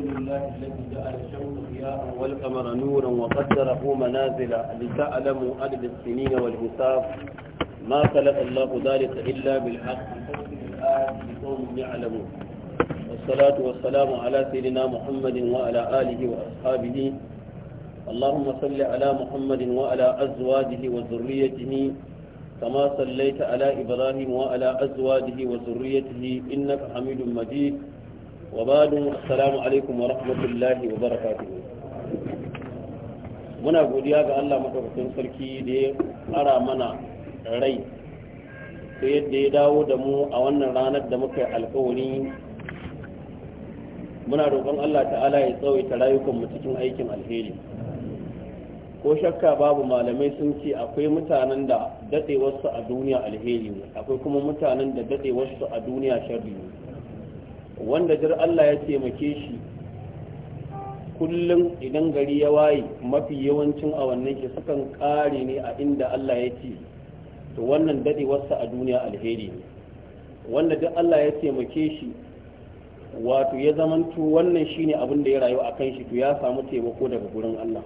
لله الذي جعل الشمس ضياء والقمر نورا وقدره منازل لتعلموا عدد السنين والحساب ما خلق الله ذلك إلا بالحق لقوم يعلمون والصلاة والسلام على سيدنا محمد وعلى آله وأصحابه اللهم صل على محمد وعلى أزواجه وذريته كما صليت على إبراهيم وعلى أزواجه وذريته إنك حميد مجيد وبعد السلام عليكم ورحمة الله وبركاته muna godiya ga Allah madaukakin sarki da ya ara mana rai da ya dawo da mu a wannan ranar da muka yi alkawari muna roƙon Allah ta'ala ya rayukan mu cikin aikin alheri ko shakka babu malamai sun ce akwai mutanen da su a duniya alheri ne akwai kuma mutanen da daɗewarsu a duniya sharri ne wanda jir Allah ya taimake shi kullum idan gari ya waye mafi yawancin awannin shi sukan kare ne a inda Allah ya ce to wannan wasa a duniya alheri ne wanda duk Allah ya taimake shi wato ya zamanto wannan shine abin da ya rayu a shi to ya samu taimako daga gurin Allah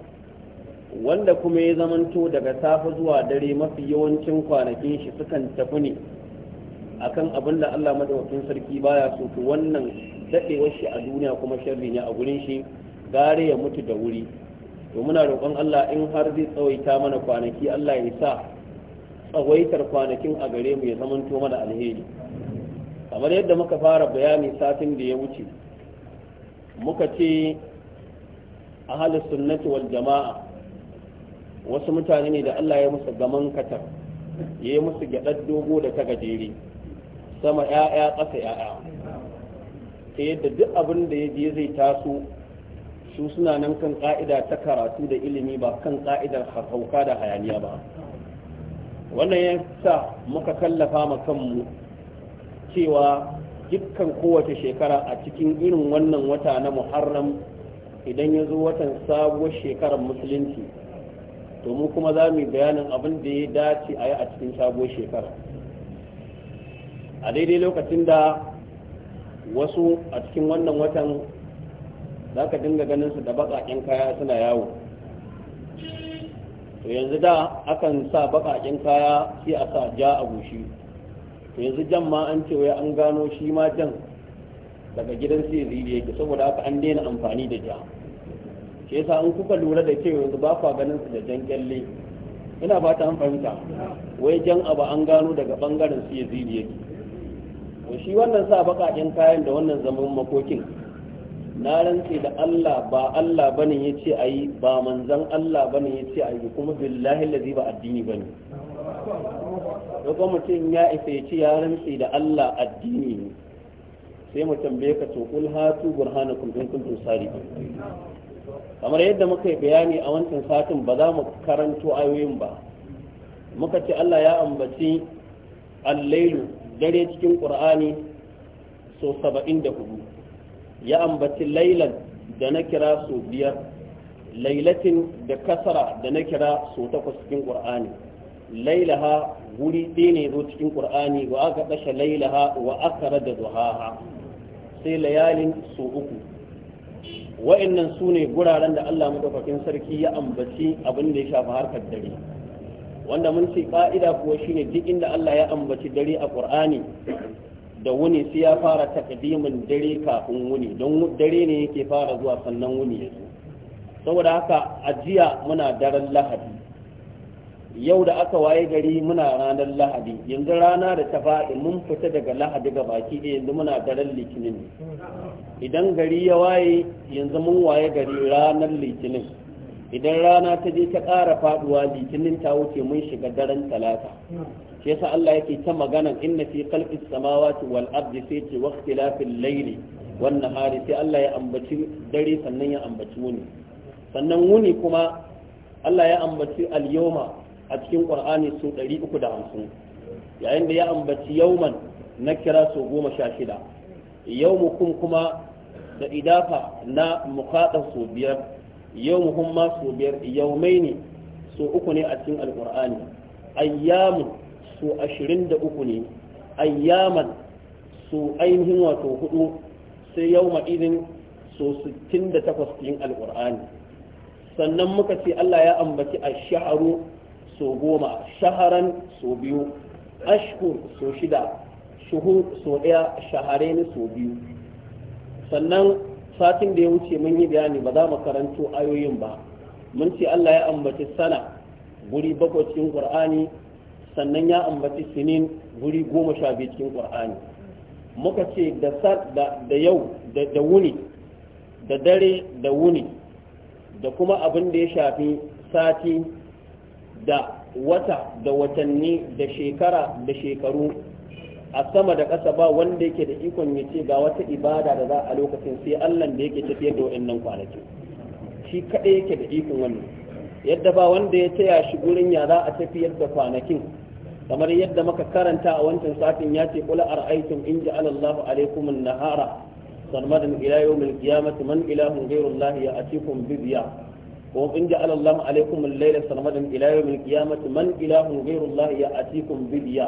wanda kuma ya zamanto daga safe zuwa dare mafi yawancin kwanakin shi sukan tafi ne akan abin da Allah madaukakin sarki baya so to wannan dadewar shi a duniya kuma sharri ne a gurin shi gare ya mutu da wuri to muna roƙon Allah in har zai tsawaita mana kwanaki Allah ya sa tsawaitar kwanakin a gare mu ya zamanto mana alheri kamar yadda muka fara bayani satin da ya wuce muka ce ahalus sunnati wal jama'a wasu mutane ne da Allah ya musu gaman katar ya yi musu gyaɗar dogo da ta gajere sama ‘ya'ya ƙasa ‘ya'ya ta yadda duk abin da ya je zai taso su suna nan kan ƙa'ida ta karatu da ilimi ba kan ƙa'idar hauka da hayaniya ba wannan ya sa muka kallafa ma kanmu cewa dukkan kowace shekara a cikin irin wannan wata na muharram idan ya zo watan sabuwar shekarar musulunci to mu kuma za mu yi bayanin abin da ya dace a yi a cikin sabuwar shekara a daidai lokacin da wasu a cikin wannan watan za ka dinga ganin su da baƙaƙen kaya suna yawo to yanzu da akan sa baƙaƙen kaya sai a sa ja a gushi to yanzu jan ma an cewa an gano shi ma jan daga gidan sai ziri yake saboda aka an daina amfani da ja shi yasa an kuka lura da cewa yanzu ba kwa ganin su da jan kyalle ina ba ta an wai jan abu an gano daga bangaren su ya yake shi wannan sa baƙaƙen kayan da wannan zaman makokin na rantse da Allah ba Allah bane ya ce ba manzan Allah bane ya ce kuma billahi allazi ba addini bane kuma mutum ya isa ya ya rantsi da Allah addini sai mu tambaye ka to kul hatu burhanakum in kuntum sadiqin kamar yadda muka yi bayani a wancan satin ba za mu karanto ayoyin ba muka ce Allah ya ambaci al-lailu dare cikin ƙur'ani so saba'in da hudu ya ambaci lailan da na kira so biyar lailatin da kasara da na kira so takwas cikin ƙur'ani lailaha guri ɗaya ne zo cikin ƙur'ani wa aka ɗasha lailaha wa aka da duhaha sai layalin so uku wa'annan sune ne guraren da allah madaukakin sarki ya ambaci abin da ya shafi harkar dare wanda mun ce ka'ida kuwa shine duk inda Allah ya ambaci dare a Qur'ani da wuni sai ya fara takadimin dare kafin wuni don dare ne yake fara zuwa sannan wuni ya saboda haka ajiya muna daren Lahadi yau da aka waye gari muna ranar Lahadi yanzu rana da ta faɗi mun fita daga Lahadi ga baki ɗaya yanzu muna daren Litinin idan gari ya waye yanzu mun waye gari ranar Litinin idan rana ta je ta ƙara faduwa litinin ta wuce mun shiga daren talata shi yasa Allah yake ta magana inna fi khalqis samawati wal ardi fi waqtilafil layli wan nahari sai Allah ya ambaci dare sannan ya ambaci wuni sannan wuni kuma Allah ya ambaci al yawma a cikin Qur'ani su 350 yayin da ya ambaci yawman na kira su shida yawmukum kuma da idafa na muqaddas su biyar Yau ma su biyar yau ne su uku ne a cikin alqur'ani ayyamun su uku ne ayyaman su ainihin wato hudu sai yawma idin su takwas cikin alqur'ani sannan muka ce Allah ya ambaci a shahru so goma shaharan so biyu ashkur so shida shuhur so ɗaya, shahare ne biyu sannan satin da ya wuce mun yi bayani ba za mu karanto ayoyin ba mun ce Allah ya ambaci sana guri bakwai cikin Qur'ani sannan ya ambaci sinin guri goma sha biyu cikin Qur'ani muka ce da da yau da wuni da dare da wuni da kuma abin da ya shafi sati da wata da watanni da shekara da shekaru a sama da ƙasa ba wanda yake da ikon ya ce ga wata ibada da za a lokacin sai Allah da yake tafiyar da wa'annan kwanaki shi kaɗai yake da ikon wannan yadda ba wanda ya taya shi gurin ya za a tafiyar da kwanakin kamar yadda maka karanta a wancan satin ya ce kula ar'aytum in ja'ala Allahu alaykum an-nahara sarmadan ila yawmil qiyamati man ilahun ghayru Allah ya'tikum bi biya allahu جعل الله عليكم الليل سرمدا إلى يوم man من إله غير الله يأتيكم بديا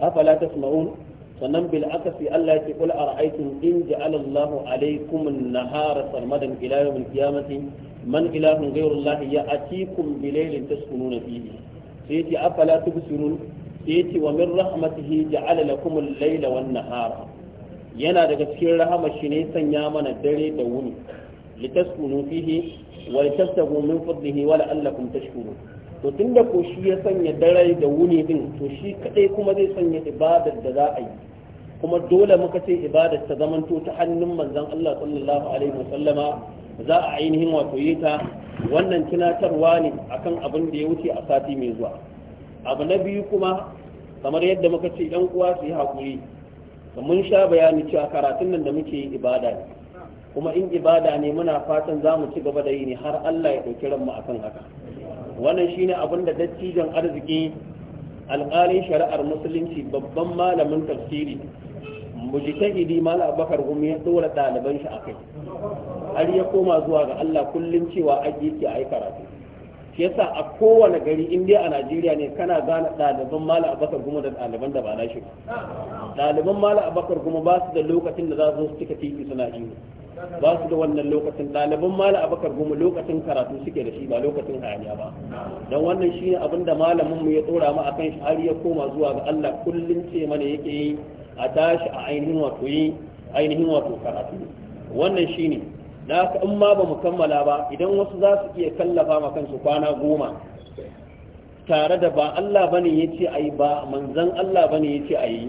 afala tasma'un sannan bil akasi Allah ya ce kul ara'aytum in ja'ala Allahu alaykum an-nahara sarmadan ila yawm al-qiyamati man ilahun ghayru Allah ya'tikum bilaylin taskununa fihi sai yace afala tubsirun sai yace wa min rahmatihi ja'ala lakum al-layla wan-nahara yana daga cikin rahamar shi ne sanya mana dare da wuni litaskunu fihi wa litastagu min fadlihi wa la'allakum tashkurun to tunda ko shi ya sanya darai da wuni din to shi kadai kuma zai sanya ibadar da za a yi kuma dole muka ce ibadar ta zamanto ta hannun manzon Allah sallallahu alaihi wasallama za a ainihin wato yi ta wannan tunatarwa ne akan abin da ya wuce a sati mai zuwa abu na biyu kuma kamar yadda muka ce dan uwa su yi hakuri mun sha bayani cewa karatun nan da muke yi ibada ne kuma in ibada ne muna fatan za mu ci gaba da yi ne har Allah ya ɗauki ranmu akan haka wannan shine abin da dattijan arziki alƙalin shari'ar musulunci babban malamin tafsiri idi mal abakar gumi ya dora ɗaliban shi kai har ya koma zuwa ga Allah kullum cewa ake a yi karatu shi yasa a kowane gari indiya a Najeriya ne kana gane ɗaliban malam abakar goma da ɗaliban da ba na shi ɗaliban malam abakar goma ba su da lokacin da za su cika titi suna iyo ba su da wannan lokacin ɗaliban mala abakar goma lokacin karatu suke da shi ba lokacin hayaniya ba don wannan shi ne abinda malamin mu ya tsora mu akan shi har ya koma zuwa ga Allah kullum ce mana yake yi a tashi a ainihin wato yi ainihin wato karatu wannan shi ne na ka in ma ba mu kammala ba idan wasu za su iya kallafa ma kansu kwana goma tare da ba Allah bane ya ce a yi ba manzan Allah bane ya ce a yi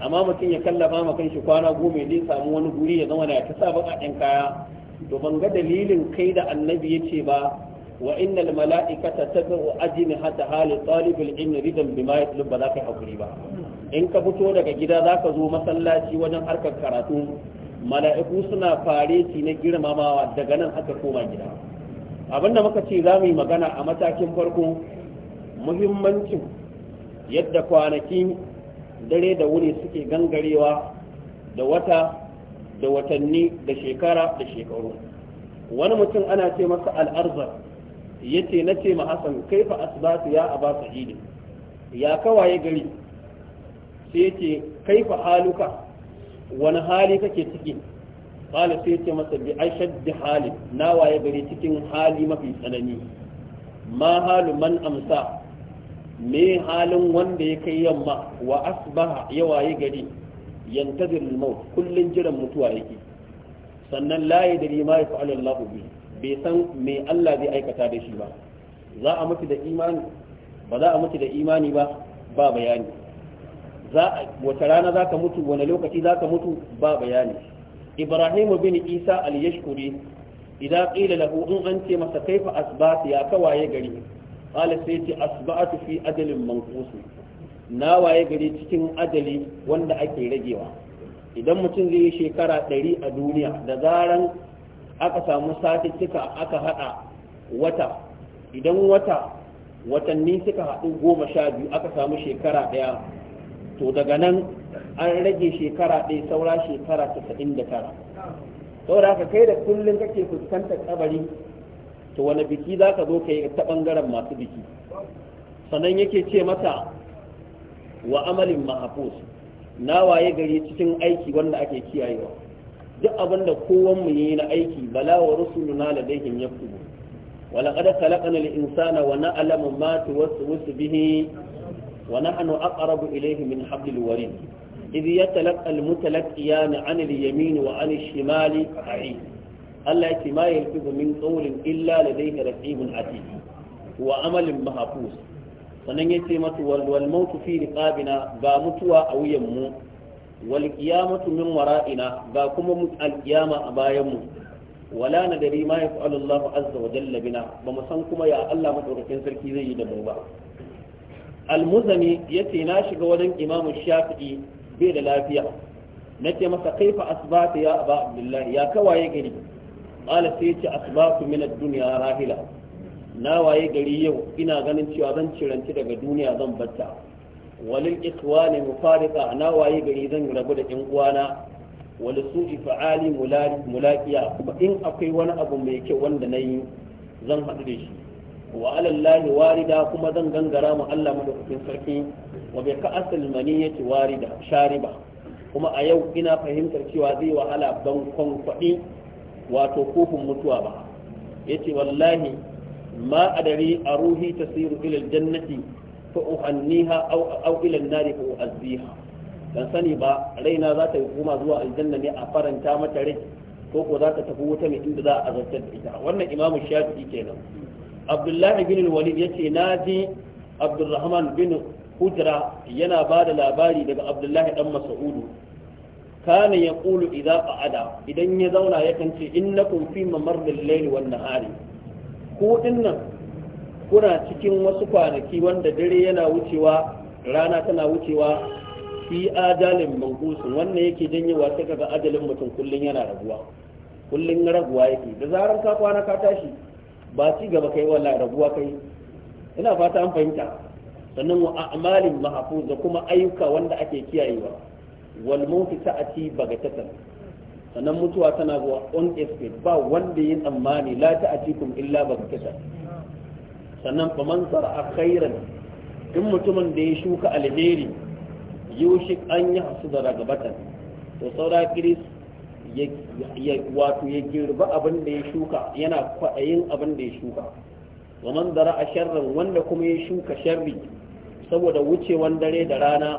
amma mutum ya kallafa ma kanshi kwana goma ya samu wani guri ya zama da ta sa baƙaƙen kaya to ban ga dalilin kai da annabi ya ce ba wa innal mala'ikata tabu ajin hatta hali talibul ilmi ridan bima yatlub ba za ka hakuri ba in ka fito daga gida za ka zo masallaci wajen harkar karatu mala'iku suna fareti na girmamawa daga nan aka koma gida abinda muka ce za mu yi magana a matakin farko muhimmancin yadda kwanaki dare da wuni suke gangarewa da wata da watanni da shekara da shekaru wani mutum ana ce masa al'arzar ya ce na ce ma'asan kaifa asibatu ya a ba ya kawaye gari sai ya ce kaifa haluka wani hali kake ciki kala sai ya ce masa bi ashaddi hali na waye gari cikin hali mafi tsanani ma halu man amsa me halin wanda ya kai yamma wa asbaha yawaye gari yantazir al-maut kullun jiran mutuwa yake sannan la yadri ma yaf'alu Allah bi bai san me Allah zai aikata da shi ba za a mutu da imani ba za a mutu da imani ba ba bayani za wata rana za ka mutu wani lokaci za ka mutu ba bayani ibrahim bin isa al-yashkuri idan qila lahu in an ce masa kaifa asbat ya kawaye gari qala sai ce asba'atu fi ajalin manqus na waye gari cikin ajali wanda ake ragewa idan mutum zai yi shekara ɗari a duniya da zaran aka samu satittika aka hada wata idan wata watanni suka haɗu goma sha biyu aka samu shekara ɗaya to daga nan an rage shekara ɗaya saura shekara tasa'in da tara saboda haka kai da kullum kake fuskantar kabari to wani biki za ka zo ka yi ta ɓangaren masu biki sannan yake ce mata wa amalin mahafus na waye gari cikin aiki wanda ake kiyayewa duk abin da kowan mu yi na aiki bala wa rusuluna ya yaktubu wa laqad khalaqna al-insana wa na'lamu ma tuwaswisu bihi wa nahnu aqrabu ilayhi min hablil warid idh yatalaqqa al-mutalaqiyani 'an al-yamin wa 'an ash-shimali 'a'id Allah yake ma yalfizu min qawlin illa ladayhi raqibun atid wa amalin mahfuz sannan yace mata wal wal maut fi riqabina ga mutuwa a wuyan mu wal qiyamatu min wara'ina ga kuma al qiyama a bayan mu wala nadari ma yaf'alu Allah azza wa jalla bina ba mu san kuma ya Allah madaukakin sarki zai yi da mu ba al-muzani ce na shiga wajen imamu shafi'i bai da lafiya nace masa kaifa asbata ya aba abdullahi ya kawaye gari qala sai ce asbaqu min ad-dunya rahila na waye gari yau ina ganin cewa zan ciranci daga duniya zan batta walil ikhwani mufariqa na waye gari zan rabu da ƴan uwana wal su'i fa'ali mulaqiya in akwai wani abu mai kyau wanda nayi zan haɗu da shi wa alallahi warida kuma zan gangara mu Allah madaukakin sarki wa bi ka'asil maniyati warida shariba kuma a yau ina fahimtar cewa zai wahala bankon kwankwaɗi wato kofin mutuwa ba yace wallahi ma adari a ruhi tasiru ila jannati fa uhanniha aw aw nari fa uazziha dan sani ba raina za ta koma zuwa aljanna ne a faranta mata rai ko ko za ta tafi wuta ne inda za a azabtar da ita wannan imamu shafi'i kenan abdullahi bin walid yace ji abdurrahman bin hujra yana ba da labari daga abdullahi dan mas'udu كان يقول إذا قعد إذا يزونا يكنتي إنكم في ممر الليل والنهار kuna cikin wasu kwanaki wanda dare yana wucewa rana tana wucewa fi ajalin mangusun wannan yake janyewa sai kaga ajalin mutum kullun yana raguwa kullun raguwa yake da zarar ka kwana ka tashi ba ci gaba kai wala raguwa kai ina fata an fahimta sannan wa a'malin mahfuz da kuma ayyuka wanda ake kiyayewa wal mautu ta'ati bagatatan sannan mutuwa tana zuwa on escape ba wanda yin tsammani la ta'atikum illa bagatatan sannan fa man a khairan in mutumin da ya shuka alheri yushik an yi hasu da ragabatan to saura kiris wato ya girba abin da ya shuka yana kwaɗayin abin da ya shuka wa man dara a sharrin wanda kuma ya shuka sharri saboda wucewan dare da rana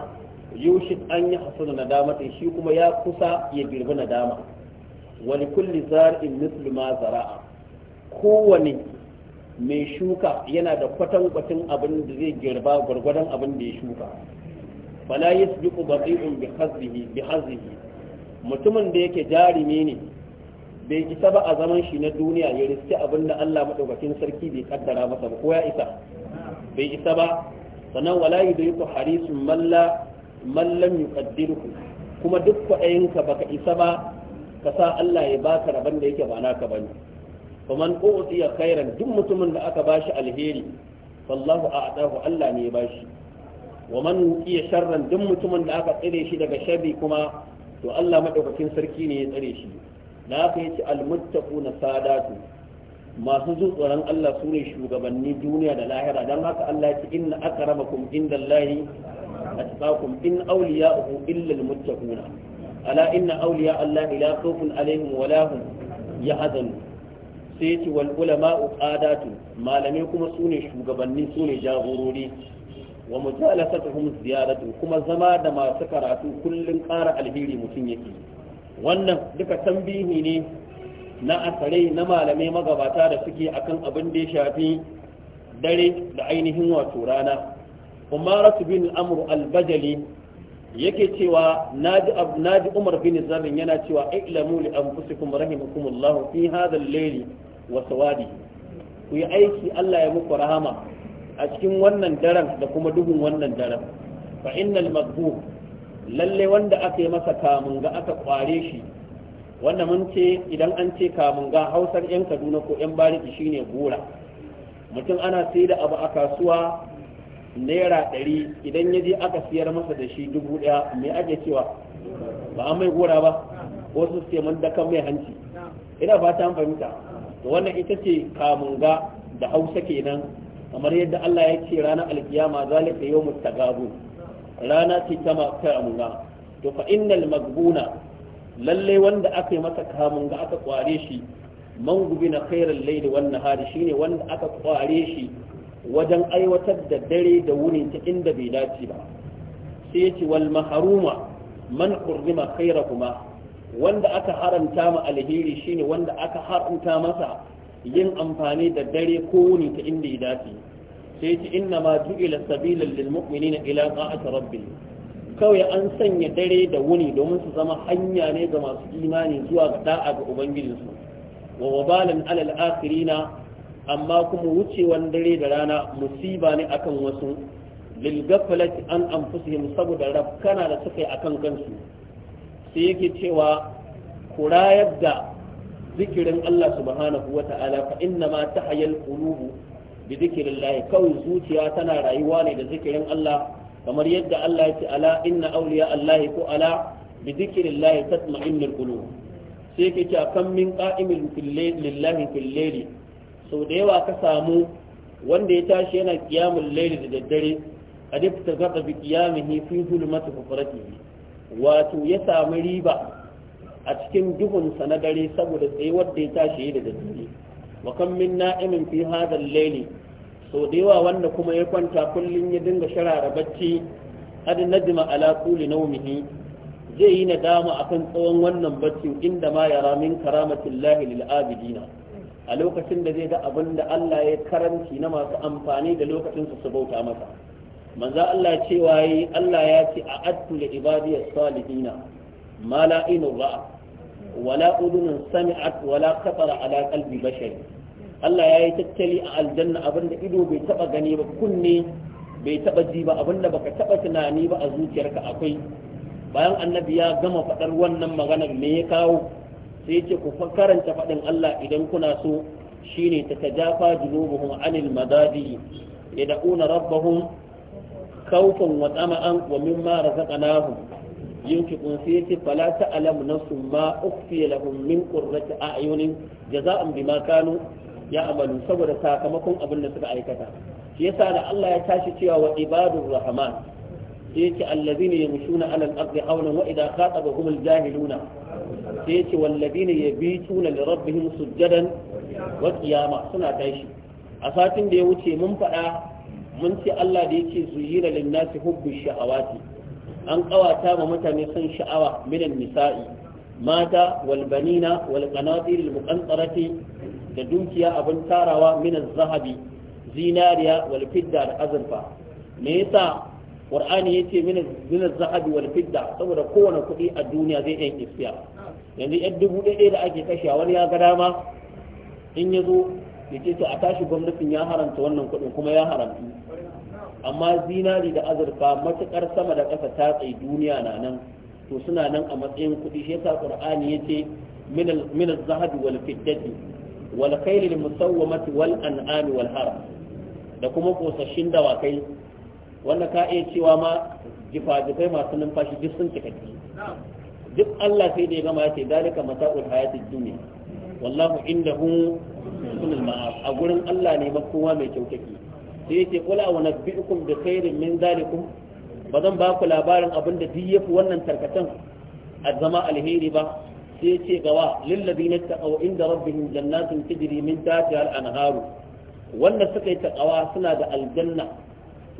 yushik an yi hasuna nadamatin shi kuma ya kusa ya girbi nadama wani kulli zar'in ma zara'a kowane mai shuka yana da kwatankwacin abin da zai girba gwargwadon abin da ya shuka fala yasbiqu su bi hazzihi bi hazzihi mutumin da yake jarumi ne bai isa ba a zaman shi na duniya ya riske abin da Allah madaukakin sarki bai kaddara masa ba ko ya isa bai isa ba sannan wala yudiku harisun malla man lam kuma duk kwaɗayinka baka isa ba ka sa Allah ya baka rabon da yake ba naka bane faman utiya khairan duk mutumin da aka bashi alheri fallahu a'tahu Allah ne ya bashi wa man utiya sharran duk mutumin da aka tsare shi daga sharri kuma to Allah madaukakin sarki ne ya tsare shi da aka yace almuttaquna sadatu masu jin tsoron Allah su ne shugabanni duniya da lahira don haka Allah ya ce inna akramakum indallahi atqakum in awliya'uhu illa almuttaquna ala inna awliya Allah la khawfun alaihim wa la hum yahzanun sai yace wal ulama'u malamai kuma sune shugabanni sune jagorori wa mujalasatuhum ziyaratu kuma zama da masu karatu kullum ƙara alheri mutum yake wannan duka tambihi ne na asarai na malamai magabata da suke akan abin da ya shafi dare da ainihin wato rana umaratu bin amru al-bajali yake cewa naji naji umar bin zamin yana cewa ilamu li anfusikum rahimakumullah fi hadha al-layli ku yi aiki Allah ya muku rahama a cikin wannan daren da kuma duhun wannan daren fa innal lallai lalle wanda aka yi masa kamun ga aka kware shi wanda mun ce idan an ce kamun ga hausar yan kaduna ko yan bariki shine gora mutum ana sai da abu a kasuwa naira ɗari idan ya je aka siyar masa da shi dubu ɗaya mai ake cewa ba an mai gora ba wasu ce man da kan mai hanci ina fata an fahimta to wannan ita ce kamun ga da hausa kenan kamar yadda Allah ya ce ranar alkiyama zalika ta tagabu rana ce ta ga to fa innal magbuna lalle wanda aka yi masa kamun ga aka kware shi man na khairal layli wan nahari shine wanda aka kware shi wajen aiwatar da dare da wuni ta inda bai dace ba sai ya ce wal maharuma man hurrima khaira kuma wanda aka haramta ma alheri shine wanda aka haramta masa yin amfani da dare ko wuni ta inda ya dace sai ya ce inna ma ju'ila sabilan lil mu'minina ila ta'ati rabbihim kawai an sanya dare da wuni domin su zama hanya ne ga masu imani zuwa ga da'a ga ubangijinsu wa wabalan alal akhirina amma kuma wucewan dare da rana musiba ne akan wasu lilgafalat an anfusihim saboda rafkana da suka yi akan kansu sai yake cewa kurayar da zikirin Allah subhanahu wa ta'ala fa inna ma tahyal qulubu bi dhikrillah kawai zuciya tana rayuwa ne da zikirin Allah kamar yadda Allah ya ce ala inna awliya Allah ko ala bi dhikrillah tatma'innul qulub sai yake cewa kam min qa'imin lillahi fil layli sau da yawa ka samu wanda ya tashi yana kiyamun laili da daddare a duk ta zaɓa bi kiyamihi fi zulmatu kufratihi wato ya samu riba a cikin duhunsa na dare saboda tsaye da ya tashi da daddare wa kan min na'imin fi hadal laili sau da yawa wanda kuma ya kwanta kullum ya dinga sharara bacci ad nadima ala quli nawmihi zai yi nadama akan tsawon wannan bacci inda ma yara min karamatin lil abidina a lokacin da zai ga abin da Allah ya karanci na masu amfani da lokacin su su bauta masa manzo Allah cewa yi Allah ya ce a addu li ibadiyas salihina ma la inu ra'a wala udunun sami'at wala khatara ala qalbi bashari Allah ya yi tattali a aljanna da ido bai taba gani ba kunne bai taba ji ba abinda baka taba tunani ba a zuciyarka akwai bayan annabi ya gama faɗar wannan maganar me ya kawo sai ce ku karanta faɗin Allah idan kuna so shine ta tajafa junubuhum anil madadi yad'una rabbahum khawfan wa tama'an wa mimma razaqnahum yunfiqun sai ce fala ta'lamu nafsun ma ukhfiya lahum min qurrati a'yunin jaza'an bima kanu ya'malu saboda sakamakon abin da suka aikata shi yasa da Allah ya tashi cewa wa ibadur rahman sai ce allazina yamshuna 'alal ardi hawlan wa idha khatabahum al-jahiluna sai ya bi yabituna li rabbihim sujjadan wa qiyama suna tashi a satin da ya wuce mun faɗa mun ce Allah da yake zuyira lin nasi hubbu sha'awati an kawata ma mutane son sha'awa minan nisa'i mata wal banina wal qanatir al muqantarati da dukiya abin tarawa minan zahabi zinariya wal fidda da azurfa me yasa qur'ani yace minan minan zahabi wal fidda saboda kowane kuɗi a duniya zai yan iskiya yanzu yan dubu ɗaya da ake kashe wani ya ga dama in ya zo ya ce a tashi gwamnatin ya haramta wannan kuɗin kuma ya haramtu amma zinari da azurfa matuƙar sama da ƙasa ta tsaye duniya na nan to suna nan a matsayin kuɗi shi yasa qur'ani yace min az-zahab wal fiddati wal khayl al musawwamati wal an'am wal haram da kuma kosashin dawakai wanda ka iya cewa ma jifa-jifai masu numfashi duk sun cika duk Allah sai da ya gama ya ce dalika mata'ul hayatid dunya wallahu indahu kullu ma'af a gurin Allah ne makowa mai kyautaki sai yake kula wa nabbi'ukum bi khairin min zalikum ba zan ba ku labarin abin da duk yafi wannan tarkatan a zama alheri ba sai yace gawa lillazina taqaw inda rabbihim jannatin tajri min tahtiha al-anharu wanda suka yi taqawa suna da aljanna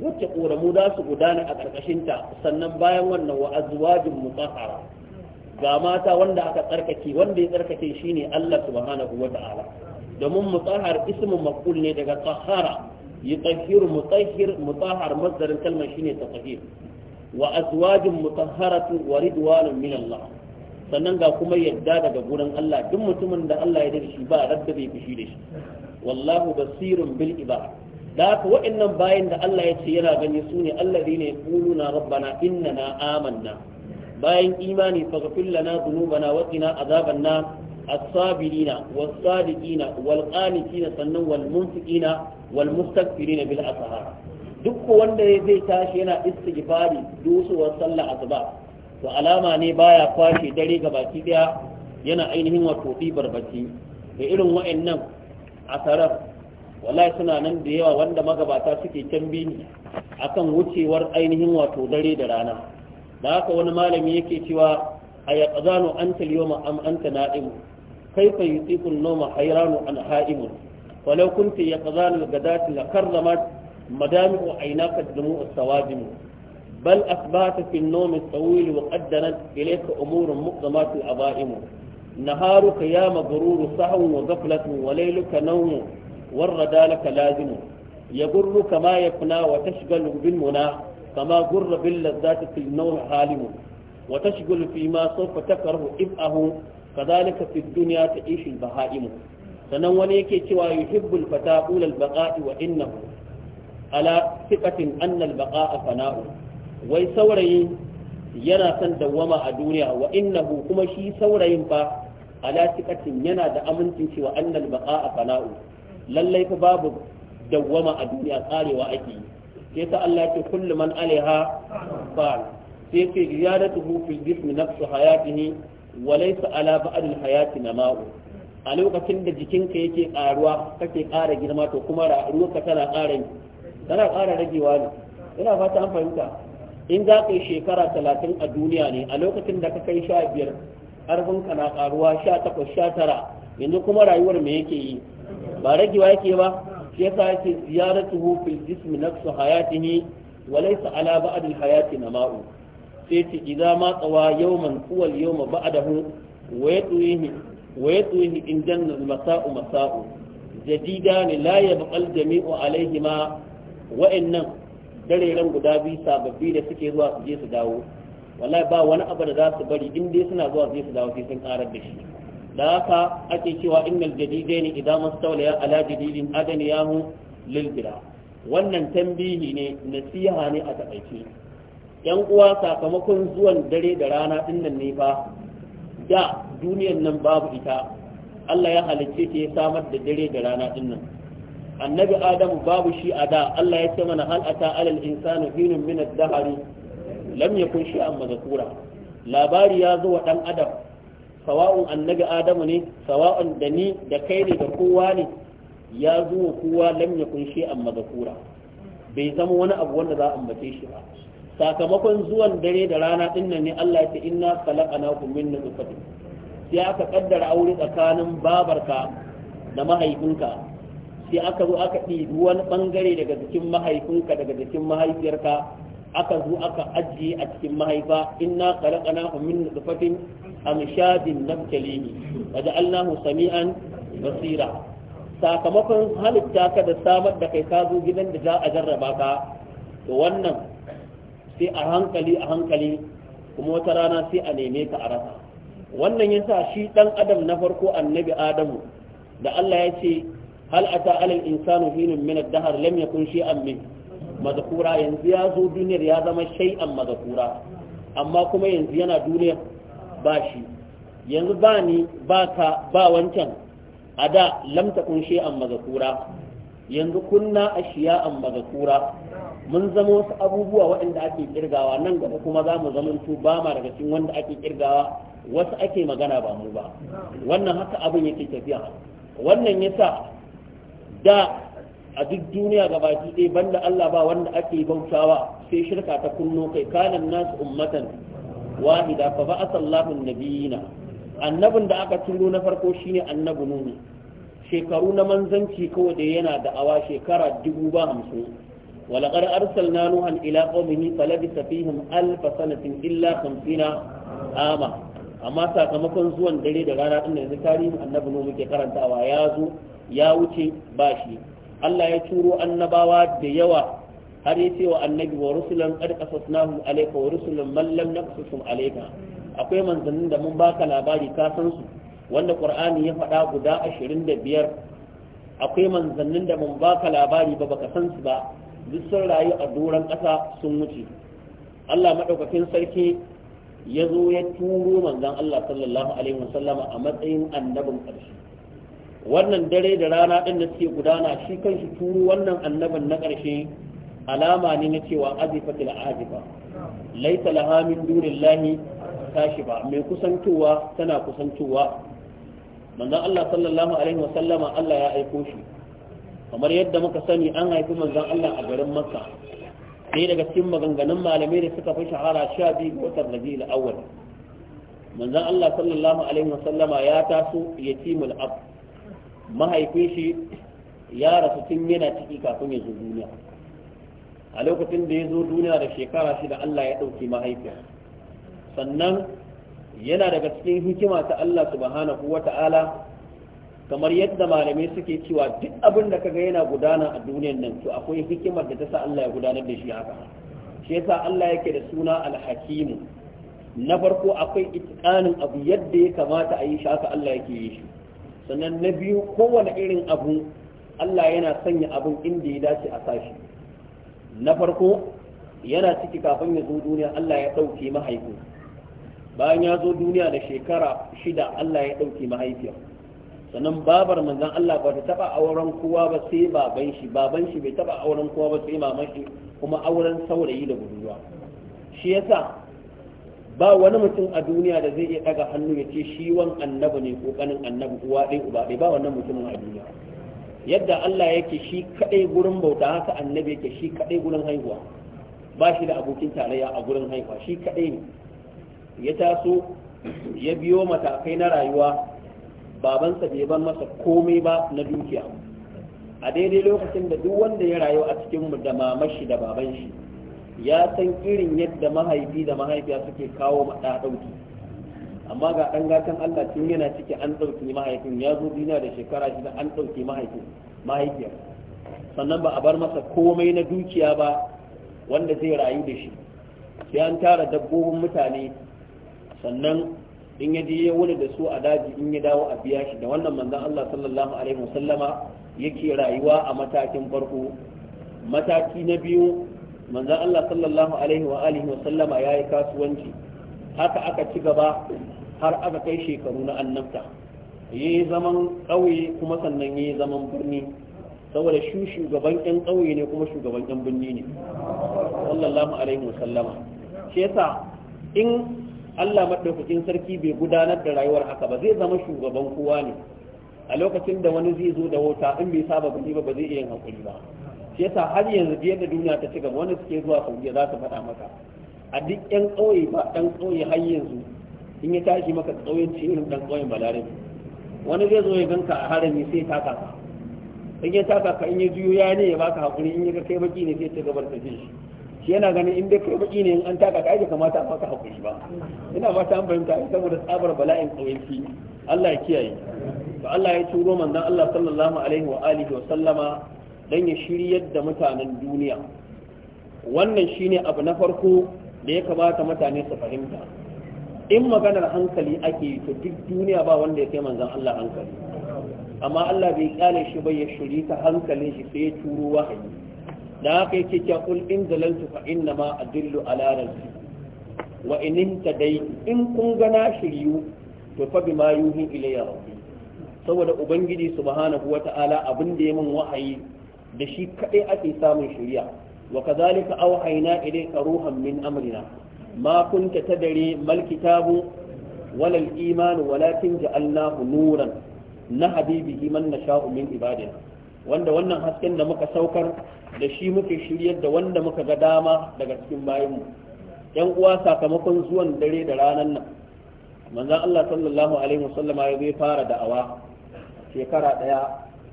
wacce ƙoramu za su gudana a ƙarƙashinta sannan bayan wannan wa azwajin mutahara ga mata wanda aka tsarkake wanda ya tsarkake shine Allah subhanahu Ta'ala. domin mutahhar ismun maqul ne daga tahara yutahhir mutahhir mutahhar masdarin kalmar shine tatahhir wa azwajun mutahharatu wa ridwanun min Allah sannan ga kuma yadda daga gurin Allah duk mutumin da Allah ya dace ba radda bai fushi da shi wallahu basirun bil ibad da haka wa'annan bayan da Allah ya ce yana gani su ne alladhina yaquluna rabbana innana amanna bayan imani faghfir lana dhunubana wa qina azaban nar as-sabirina was-sadiqina wal-qanitina sannan wal-munfiqina wal-mustaghfirina bil asahar duk wanda zai tashi yana istighfari dusuwar sallah asuba to alama ne baya kwashe dare ga baki daya yana ainihin wato ɗibar baki da irin wa'annan asarar wallahi suna nan da yawa wanda magabata suke tambi akan wucewar ainihin wato dare da rana da haka wani malami yake cewa a ya ƙazanu an taliyoma am an ta na'imu kai fa yi tsikun noma hairanu an ha'imun walau kunta ya ƙazanu gadati la karzama madami wa aina ka damu a sawajimu bal asbata fi nomi tsawili wa ƙaddanat ilaika umurin muqdamatul aba'imu naharuka ya magaruru sahun wa gaflatun wa lailuka naumu warra dalaka lazimu يغرك ما يفنى وتشغل بالمنى فما غر باللذات في النور حالم وتشغل فيما سوف تكره ahu كذلك في الدنيا تعيش البهائم sannan wani yake cewa yuhibbul fata ulal baqa'i wa innahu ala thiqatin annal baƙa a fana'u wai saurayin yana son dawwama a duniya wa innahu kuma shi saurayin fa ala thiqatin yana da amincin cewa annal baƙa a fana'u lallai fa babu dawwama a duniya ƙarewa ake yi ke ta Allah ce kullu man alaiha fa'al sai ce ziyadatuhu fil jismi nafsu hayatihi wa laysa ala ba'd hayati nama'u a lokacin da jikinka yake karuwa kake ƙara girma to kuma ruwanka tana ƙara tana ƙara ragewa ne ina fata an fahimta in za ka yi shekara talatin a duniya ne a lokacin da ka kai sha biyar ƙarfinka na ƙaruwa sha takwas sha tara yanzu kuma rayuwar me yake yi ba ragewa yake ba yasa yake ziyaratuhu fil jism nafsu hayatihi wa laysa ala ba'd al hayati nama'u sai ce idza ma tsawa yawman huwa yawma ba'dahu wa yatuhi wa yatuhi in janna al masa'u masa'u jadidan la yabqa al jami'u alayhima wa innan dareran guda biyu sababbi da suke zuwa su je su dawo wallahi ba wani abu da za su bari in dai suna zuwa su je su dawo sai sun karar da shi da haka ake cewa innal jadidain idza mastawliya ala jadidin adaniyahu lil bid'a wannan tambihi ne nasiha ne a takaice yan uwa sakamakon zuwan dare da rana dinnan ne fa da duniyan nan babu ita Allah ya halicce ta ya samar da dare da rana dinnan annabi adamu babu shi a da Allah ya ce mana hal ata alal insanu hinun min ad-dahri lam yakun shay'an madhkura labari ya zo wa dan adam sawa'un annabi adamu ne sawa'un da ni da kai ne da kowa ne ya zo wa kowa lam yakun shay'an mazkura bai zama wani abu wanda za a ambace shi ba sakamakon zuwan dare da rana dinnan ne Allah ya ce inna khalaqnakum min nutfatin sai aka kaddara aure tsakanin babarka da mahaifinka sai aka zo aka ɗibi wani bangare daga jikin mahaifinka daga jikin mahaifiyarka aka zo aka ajiye a cikin mahaifa inna khalaqnakum min nutfatin amshadin naftalihi waja'alnahu sami'an basira sakamakon halitta ka da samar da kai ka zo gidan da za a jarraba ka to wannan sai a hankali a hankali kuma wata rana sai a neme ka a rasa wannan yasa shi dan adam na farko annabi adamu da Allah ya ce hal ata alal insanu hinun min ad-dahr lam yakun shay'an min madhkura yanzu ya zo duniyar ya zama shay'an madhkura amma kuma yanzu yana duniyar ba shi yanzu ba ni ba ka ba wancan a da lamta kunshe an magakura yanzu kunna a ashiya an magakura mun zama wasu abubuwa waɗanda ake kirgawa nan gaba kuma za mu zama zamanto ba ma daga cikin wanda ake kirgawa wasu ake magana ba mu ba wannan haka abin yake tafiya wannan ya sa da a duk duniya gabaki ɗaya banda Allah ba wanda ake bautawa sai shirka ta kunno kai kanan nasu ummatan wahida fa ba'atha Allahu nabiyina annabin da aka turo na farko shine annabi Nuhu shekaru na manzanci kawai da yana da awa shekara dubu ba hamsin ولقد أرسلنا نوحا إلى قومه فلبث فيهم ألف سنة إلا خمسين amma sakamakon zuwan dare da rana ɗin yanzu tarihin annabi ne muke karantawa ya zo ya wuce ba shi Allah ya turo annabawa da yawa har yace wa annabi wa rusulan qad qasasnahum alayka wa rusulan man lam naqsusum alayka akwai manzannin da mun baka labari ka san su wanda qur'ani ya faɗa guda 25 akwai manzannin da mun baka labari ba baka san su ba duk sun rayu a doron ƙasa sun wuce Allah madaukakin sarki ya zo ya turo manzon Allah sallallahu alaihi wasallama a matsayin annabin ƙarshe wannan dare da rana ɗin da suke gudana shi kanshi turo wannan annabin na ƙarshe alama ne na cewa azifatil azifa laita laha min dunillahi tashi ba mai kusantowa tana kusantowa manzon Allah sallallahu alaihi wasallama Allah ya aiko shi kamar yadda muka sani an haifi manzon Allah a garin Makka sai daga cikin maganganun malamai da suka fi shahara sha biyu ga watan Rabiul Awwal manzon Allah sallallahu alaihi wasallama ya taso yatimul ab mahaifin shi ya rasu tun yana ciki kafin ya zo duniya a lokacin da ya zo duniya da shekara shida Allah ya ɗauki mahaifiya sannan yana daga cikin hikima ta Allah subhanahu wa ta'ala kamar yadda malamai suke cewa duk abin da kaga yana gudana a duniyar nan to akwai hikimar da ta sa Allah ya gudanar da shi haka shi yasa Allah yake da suna alhakimu na farko akwai itqanin abu yadda ya kamata a yi shi haka Allah yake yi shi sannan na biyu kowane irin abu Allah yana sanya abin inda ya dace a sashi na farko yana ciki kafin ya zo duniya Allah ya ɗauke mahaifin bayan ya zo duniya da shekara shida Allah ya ɗauke mahaifiya sannan babar manzan Allah ba ta taɓa auren kowa ba sai baban shi baban shi bai taɓa auren kowa ba sai maman shi kuma auren saurayi da budurwa shi yasa ba wani mutum a duniya da zai iya ɗaga hannu ya ce shi wan annabi ne ko ƙanin annabi uwa ɗaya uba ɗaya ba wannan mutumin a duniya yadda Allah yake shi kadai gurin bauta haka annabi yake shi kadai gurin haihuwa ba shi da abokin tarayya a gurin haihuwa shi kadai ne ya taso ya biyo matakai na rayuwa babansa bai ban masa komai ba na dukiya a daidai lokacin da duk wanda ya rayu a cikin mu da shi da baban shi ya san irin yadda mahaifi da mahaifiya suke kawo maɗa ɗauki amma ga ɗan gatan Allah tun yana ciki an ɗauki mahaifin ya zo duniya da shekara shida an ɗauki mahaifin mahaifiyar sannan ba a bar masa komai na dukiya ba wanda zai rayu da shi sai an tara dabbobin mutane sannan in ya je ya wuni da su a daji in ya dawo a biya shi da wannan manzon Allah sallallahu alaihi wasallama yake rayuwa a matakin farko mataki na biyu manzon Allah sallallahu alaihi wa alihi wasallama yayi kasuwanci haka aka ci gaba har aka kai shekaru na annabta ya yi zaman ƙauye kuma sannan ya yi zaman birni saboda shi shugaban ƴan ƙauye ne kuma shugaban ƴan birni ne sallallahu alaihi wasallama shi yasa in Allah madaukakin sarki bai gudanar da rayuwar haka ba zai zama shugaban kowa ne a lokacin da wani zai zo da wata in bai saba gani ba ba zai iya yin hakuri ba shi yasa har yanzu biyar da duniya ta ci gaba wanda suke zuwa Saudiya za su faɗa maka a duk ƴan ƙauye ba ɗan ƙauye har yanzu in ya tashi maka tsauyin irin dan tsauyin balarabe wani zai zo ya ganka a harami sai taka ka in ya taka ka in ya juyo ya ne ya baka hakuri in ya ga kai baki ne sai ta gabar ta shi shi yana ganin in dai kai baki ne in an taka ka ai kamata a baka hakuri ba ina ta an fahimta saboda tsabar bala'in tsauyin Allah ya kiyaye to Allah ya turo manzon Allah sallallahu alaihi wa alihi wa sallama dan ya shiryar da mutanen duniya wannan shine abu na farko da ya kamata mutane su fahimta in maganar hankali ake yi to duk duniya ba wanda ya kai manzan Allah hankali amma Allah bai kyale shi bai ya shiri ta hankalin shi sai ya turo wahayi da haka yake cewa kul in zalantu fa inna ma adillu ala rabbi wa in dai in kun na shiryu to fa bima yuhi ilayya rabbi saboda ubangiji subhanahu wata'ala abin da ya min wahayi da shi kadai ake samun shiriya wa kadhalika awhayna ilayka ruhan min amrina ma kunta dare mal kitabu wala al iman walakin ja'alnahu nuran nahdi bihi man nasha'u min wanda wannan hasken da muka saukar da shi muke shiryar da wanda muka ga dama daga cikin bayanmu yan uwa sakamakon zuwan dare da ranar nan manzan Allah sallallahu alaihi wasallama ya zai fara da'awa shekara daya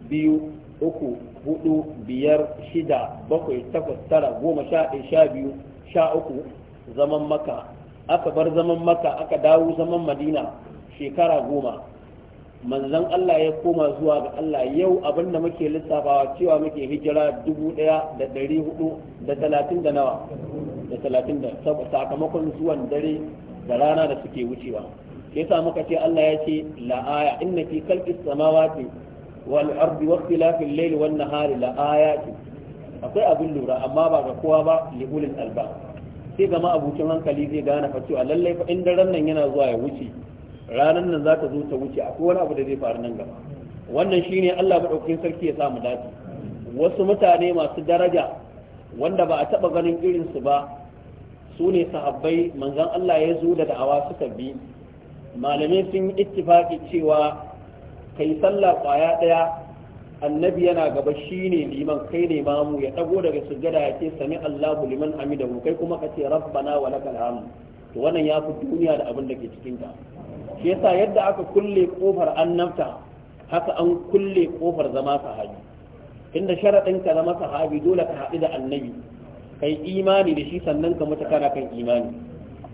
biyu uku hudu biyar shida bakwai takwas tara goma sha ɗaya sha biyu sha uku zaman maka aka bar zaman maka aka dawo zaman madina shekara goma manzan Allah ya koma zuwa ga Allah yau abinda muke lissafawa cewa muke hijira dubu ɗaya da ɗari hudu da talatin da nawa da talatin da sakamakon zuwan dare da rana da suke wucewa sa muka ce Allah ya ce la'aya inna fi khalqis samawati wal ardi wa ikhtilafil layli wan nahari la'ayati akwai abin lura amma ba ga kowa ba li ulil albab sai gama abokin hankali zai gane fa cewa lallai fa in daren nan yana zuwa ya wuce ranar nan za ta zo ta wuce akwai wani abu da zai faru nan gaba wannan shine Allah madaukakin sarki ya sa mu dace wasu mutane masu daraja wanda ba a taba ganin irin su ba su ne sahabbai manzon Allah ya zo da da'awa suka bi malamai sun yi ittifaki cewa kai sallah kwaya daya annabi yana gaba shi ne liman kai ne mamu ya dago daga sujjada ya ce sami Allahu liman hamidahu kai kuma ka ce rabbana wa lakal hamd to wannan ya fi duniya da abin da ke cikin ta shi yasa yadda aka kulle kofar annabta haka an kulle kofar zama sahabi inda sharadin ka zama sahabi dole ka haɗu da annabi kai imani da shi sannan ka mutu kana kan imani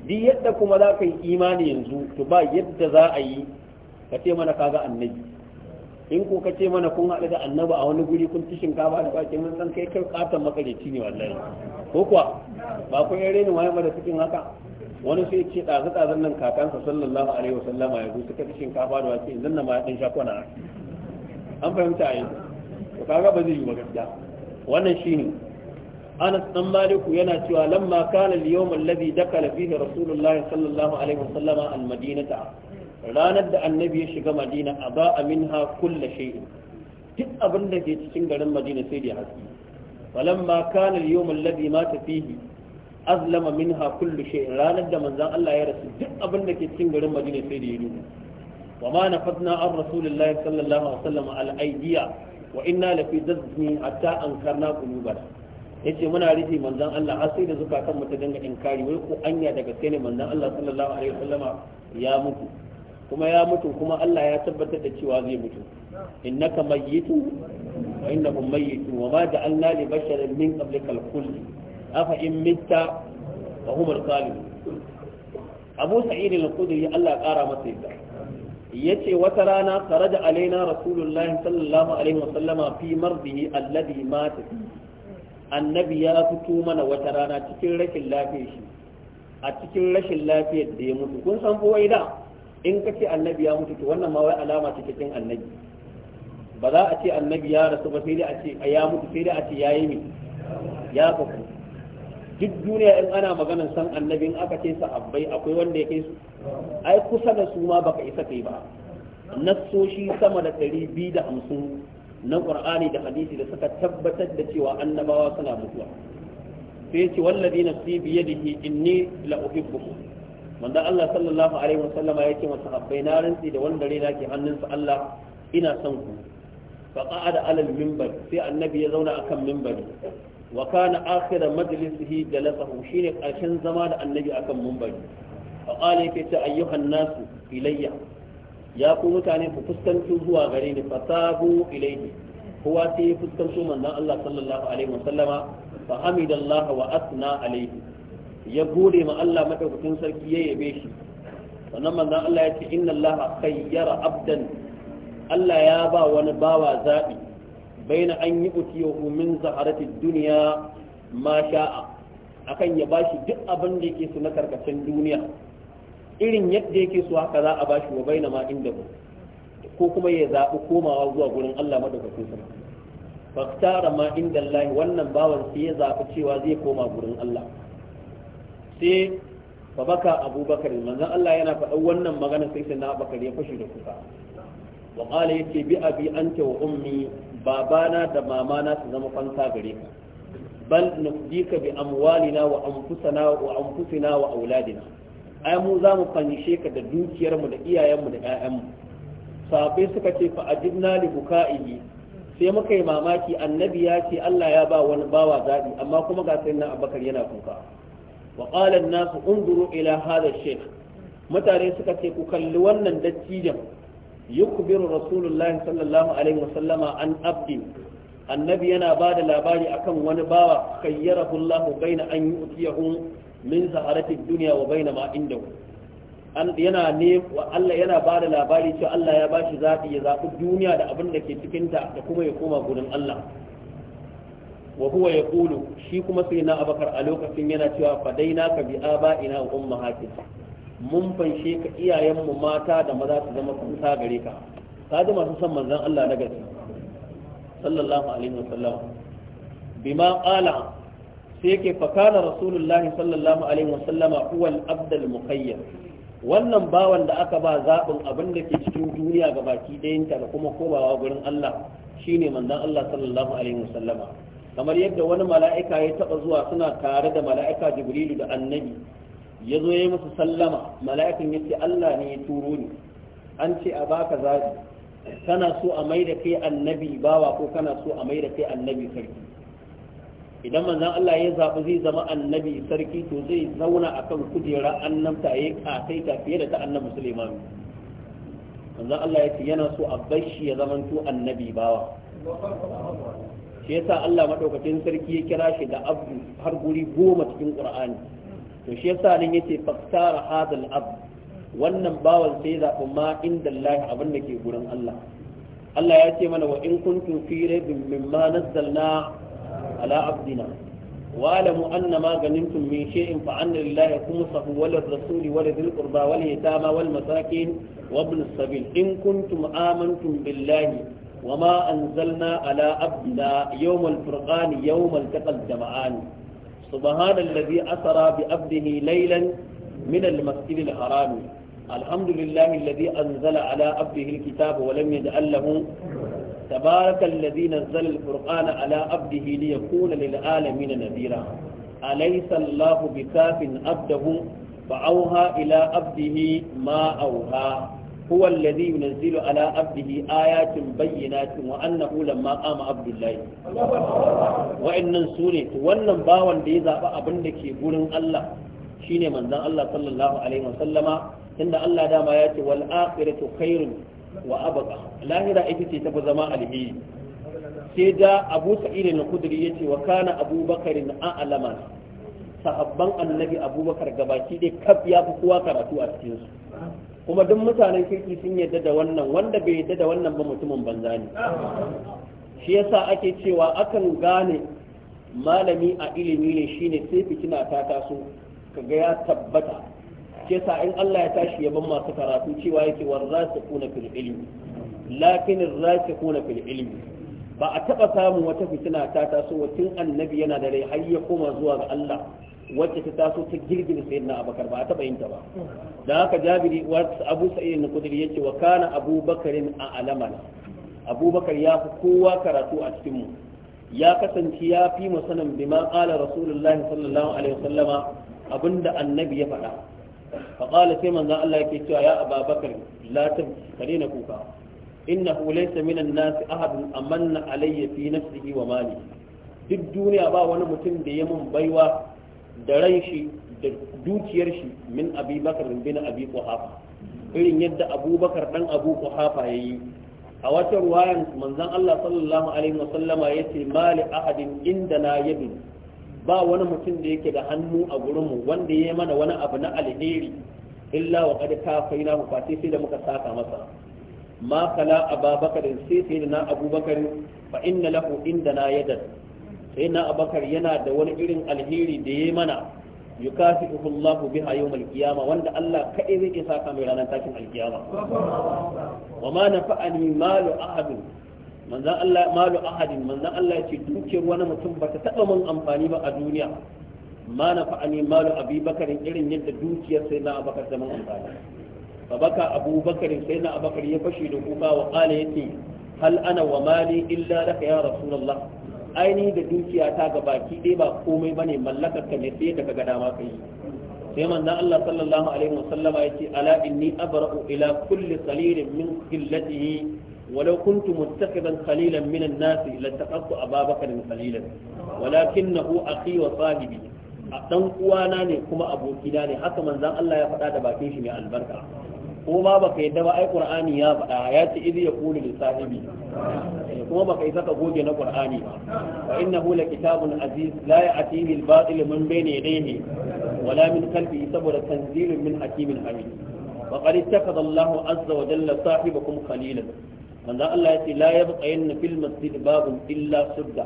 duk yadda kuma za ka yi imani yanzu to ba yadda za a yi ka ce mana kaga annabi in ko kace mana kun haɗu da annaba a wani guri kun ci shinkafa da baki mun san kai kai katon makareci ne wallahi ko kuwa ba ku yan reni waye da cikin haka wani sai ce ɗazu ɗazun nan kakansa sallallahu alaihi wasallama ya zo suka ci shinkafa da baki yanzu nan ma ya ɗan sha kwana an fahimta a yanzu to kaga ba zai yi ba gaskiya wannan shine Anas dan Maliku yana cewa lamma kana al-yawm alladhi dakala fihi rasulullahi sallallahu alaihi wasallama al-Madinata ranar da annabi ya shiga madina a ba a min kulla shay'in duk abin da ke cikin garin madina sai da haske falamma kana al-yawm alladhi mata fihi azlama minha kullu shay'in ranar da manzan Allah ya rasu duk abin da ke cikin garin madina sai da ya nuna wa ma nafadna an rasulillahi sallallahu alaihi wasallam al-aydiya wa inna la fi dazni hatta ankarna qulubana yace muna rufe manzan Allah har sai da zukatan mu ta dinga inkari wai ko anya daga sai ne manzon Allah sallallahu alaihi wasallama ya mutu kuma ya mutu kuma Allah ya tabbatar da cewa zai mutu innaka mayyitun wa innahum mayyitun wa ma ja'alna li basharin min qablikal khuld afa in mitta wa hum al Abu Sa'id al-Khudri Allah ƙara masa yadda yace wata rana kharaja alaina rasulullahi sallallahu alaihi wa sallama fi mardihi alladhi mata annabi ya fito mana wata rana cikin rashin lafiyar shi a cikin rashin lafiyar da ya mutu kun san boye da in ka ce annabi ya mutu to wannan ma wai alama ce cikin annabi ba za a ce annabi ya rasu ba sai dai a ce ya mutu sai dai a ce yayi mi ya kafu duk duniya in ana maganar san annabi in aka ce sahabbai akwai wanda ya kai su ai kusa da su ma baka isa kai ba nassoshi sama da 250 na qur'ani da hadisi da suka tabbatar da cewa annabawa suna mutuwa sai ce wallazi nafsi biyadihi inni la uhibbukum manzo Allah sallallahu alaihi wasallam ya ce masa habbai na rantsi da wanda rai nake hannunsa Allah ina son ku fa qa'ada alal minbar sai annabi ya zauna akan minbari wa kana akhir majlisihi jalasahu shine karshen zama da annabi akan minbari fa qala yake ta ayyuhan nasu ilayya ya ku mutane ku fuskanci zuwa gare ni fasabu ilayhi kowa sai ya fuskanto manzon Allah sallallahu alaihi wasallama fa hamidallahu wa asna alaihi ya gode ma Allah madaukakin sarki ya yabe shi sannan manzo Allah ya ce inna Allah khayyara abdan Allah ya ba wani bawa zabi baina an yi utiyahu min zaharati dunya ma sha'a akan ya bashi duk abin da yake so na karkashin duniya irin yadda yake so haka za a bashi wa baina ma inda ko kuma ya zaɓi komawa zuwa gurin Allah madaukakin sarki faktara ma inda Allah wannan bawan sai ya zaɓi cewa zai koma gurin Allah sai baka abubakar manzan Allah yana faɗan wannan magana sai sai na abubakar ya fashe da kuka wa ya ce bi abi anta wa ummi babana da mamana su zama fansa gare ka bal ka bi amwalina wa anfusana wa anfusina wa auladina ai mu za mu fanshe ka da dukiyarmu da iyayenmu da ƴaƴanmu sahabbai suka ce fa ajibna li bukaihi sai muka yi mamaki annabi ya ce Allah ya ba wani bawa zaɓi, amma kuma ga na Abubakar yana kuka wa qala an-nas unzuru ila hadha mutane suka ce ku kalli wannan dattijan yukbiru rasulullahi sallallahu an abdi annabi yana ba da labari akan wani bawa kayyarahu Allah baina an yu'tiyahu min saharati dunya wa baina ma yana ne Allah yana ba labari cewa Allah ya bashi zabi ya zabi duniya da abin da ke cikin da kuma ya koma gurin Allah wa huwa yaqulu shi kuma sai na abakar a lokacin yana cewa fadaina ka bi aba'ina wa ummahatina mun fanshe ka iyayenmu mata da maza su zama kusa gare ka ka ji masu son manzon Allah na gaske sallallahu alaihi wasallam bima qala sai ke fakana rasulullahi sallallahu alaihi wasallama huwa al-abd al-muqayyad wannan bawan da aka ba zaɓin abin da ke cikin duniya ga baki ɗayanta da kuma komawa gurin Allah shine manzon Allah sallallahu alaihi wasallama kamar yadda wani mala'ika ya taba zuwa suna tare da mala'ika jibrilu da annabi ya zo ya yi musu sallama mala'ikan ya ce Allah ne ya turo ni an ce a baka zaɓi kana so a mai da kai annabi bawa ko kana so a mai da kai annabi sarki idan manzan Allah ya zaɓi zai zama annabi sarki to zai zauna a kan kujera annabta ya kasaita fiye da ta annabi Sulaiman manzan Allah ya ce yana so a bashi ya zamanto annabi bawa shi yasa Allah madaukakin sarki ya kira shi da abdu har guri goma cikin Qur'ani to shi yasa nan yace faktara hadal abd wannan bawan sai zaɓi ma inda Allah abin da ke gurin Allah Allah ya ce mana wa in kuntum fi raibin mimma nazzalna ala abdina wa anna ma ganimtum min shay'in fa anna lillahi khumsahu wal rasul wal dhil qurba wal yatama wal masakin wa ibn sabil in kuntum amantum billahi وما أنزلنا على عبدنا يوم الفرقان يوم التقى الجمعان سبحان الذي أسرى بعبده ليلا من المسجد الحرام الحمد لله الذي أنزل على عبده الكتاب ولم يجعل له تبارك الذي نزل القرآن على عبده ليكون للعالمين نذيرا أليس الله بكاف عبده فأوهى إلى عبده ما أوهى هو الذي ينزل على عبده آيات بينات وأنه لما قام عبد الله وإن سوري وأن باوان بيزا أبن دكي قولن الله شيني من ذا الله صلى الله عليه وسلم إن الله دام ياتي والآخرة خير وأبقى لا هنا إتتي تفزما عليه سيدا أبو سعيد الخدري وكان أبو بكر أعلم sahabban annabi abubakar gabaki dai kaf ya fi kowa karatu a cikinsu kuma duk mutanen kirki sun yarda da wannan wanda bai yarda da wannan ba mutumin banza ne shi yasa ake cewa akan gane malami a ilimi ne shine sai fitina ta taso kaga ya tabbata shi yasa in Allah ya tashi ya ban masu karatu cewa yake warrasikuna fil ilmi lakin arrasikuna fil ilmi ba a taba samun wata fitina ta taso tun annabi yana da rai har ya koma zuwa ga Allah wacce ta taso ta girgin sayyid na abakar ba a taɓa yin ta ba da haka jabiri wata abu sa'id na kudiri ya ce wa kana abubakarin a alamana abubakar ya fi kowa karatu a cikinmu ya kasance ya fi masanin bima ƙala rasulullahi sallallahu alaihi wasallama abinda annabi ya faɗa faƙala sai manzan Allah yake cewa ya a la tabki kare na kuka innahu laysa minan nasi ahadun amanna alayya fi nafsihi wa mali duk duniya ba wani mutum da ya mun baiwa da ran shi da dukiyar shi min abi bakar bin abi kuhafa irin yadda abubakar dan abu kuhafa ya yi a wata ruwayan manzon Allah sallallahu alaihi wasallama ya ce mali ahadin inda na yabi ba wani mutum da yake da hannu a gurin mu wanda ya mana wani abu na alheri illa wa qad kafaina mu fati sai da muka saka masa ma kala abubakar sai sai da na abubakar fa inna lahu inda na yadan sai na abakar yana da wani irin alheri da ya mana yukafi'uhu Allahu biha yau al-qiyamah wanda Allah kadai zai isa ka mai ranar tashin al wa ma nafa'ani malu ahadin manzan Allah malu ahadin manzan Allah yace dukiyar wani mutum ba ta taba mun amfani ba a duniya ma nafa'ani malu abi bakarin irin yadda dukiyar sai na abakar ta mun amfani فبكى أبو بكر سيدنا أبو بكر يفشي لكوكا وقال hal ana wa mali illa لك يا رسول الله ainihi da dukiya ta ga baki dai ba komai bane mallakar ka ne sai da kaga dama yi sai manzon Allah sallallahu alaihi wasallam ya ce ala inni abra'u ila kulli salirin min qillatihi walau kuntu muttaqidan qalilan min an-nas lattaqtu ababakar qalilan walakinahu akhi wa sahibi dan uwana ne kuma abokina ne haka manzon Allah ya faɗa da bakin shi mai albarka ko ma baka yadda ba ai qur'ani ya faɗa ya ce ya yaqulu li sahibi kuma baka yi saka goge na qur'ani ba wa innahu kitabun aziz la ya'tihi al-batil min bayni yadayhi wala min khalfihi saboda tanzilun min hakimin hamid wa qad ittakhadha Allahu azza wa jalla sahibakum khalilan manzo Allah ya ce la yabqa fil masjid babun illa sudda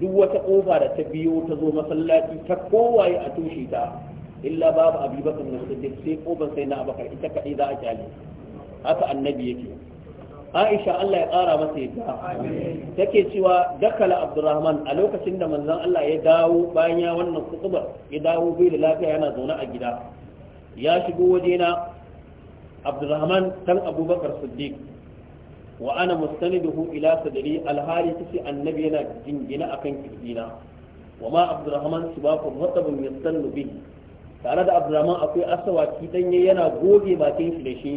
duk wata kofa da ta biyo ta zo masallaci ta kowaye a tushe ta illa babu abi bakar da su sai koban sai na abakar ita kaɗai za a kyale haka annabi yake aisha allah ya ƙara masa yadda take cewa dakala abdulrahman a lokacin da manzon allah ya dawo bayan ya wannan kutubar ya dawo bai da lafiya yana zaune a gida ya shigo wajena abdurrahman tan abubakar siddiq wa ana mustaniduhu ila sadri alhali tace annabi yana jingina akan kirjina wa ma abdurrahman sibaqun watabun yastannu bihi tare da abdurrahman akwai asawaki danye yana goge bakin shi da shi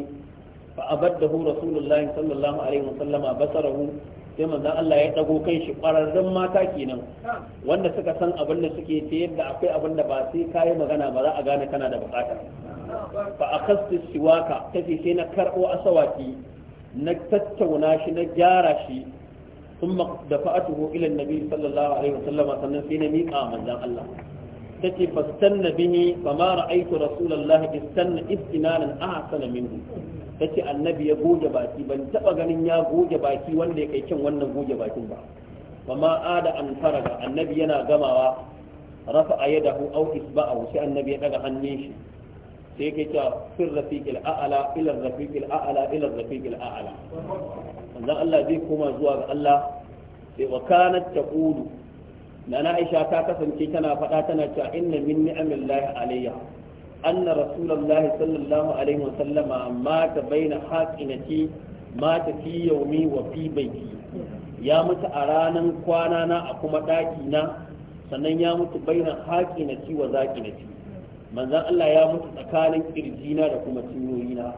fa abaddahu rasulullahi sallallahu alaihi wasallama basarahu sai manzon Allah ya dago kan shi kwararrun mata kenan wanda suka san abin da suke ta yadda akwai abin da ba sai kai magana ba za a gane kana da bukata fa akhastu siwaka tafi sai na karbo asawaki na tattauna shi na gyara shi ثم دفعته الى النبي sallallahu alaihi عليه sannan sai na miƙa manzon Allah take fastanna bihi fama ra'aytu rasulallah istanna istinanan ahsana minhu Tace annabi ya goge baki ban taba ganin ya goge baki wanda ya kai kin wannan goge bakin ba fama ada an faraga annabi yana gamawa rafa'a yadahu ba a sai annabi ya daga hannun shi sai yake cewa fir rafiqil a'la ila rafiqil a'la ila rafiqil a'la dan Allah zai koma zuwa ga Allah sai wa kanat taqulu nana aisha ta kasance tana faɗa tana cewa inna min Lahi alayya anna rasulullahi sallallahu alaihi wa sallama mata baina haqinati mata fi yaumi wa fi baiti ya mutu a ranan kwana na a kuma ɗaki na sannan ya mutu baina haqinati wa zaqinati Manzan Allah ya mutu tsakanin kirjina da kuma cinyoyina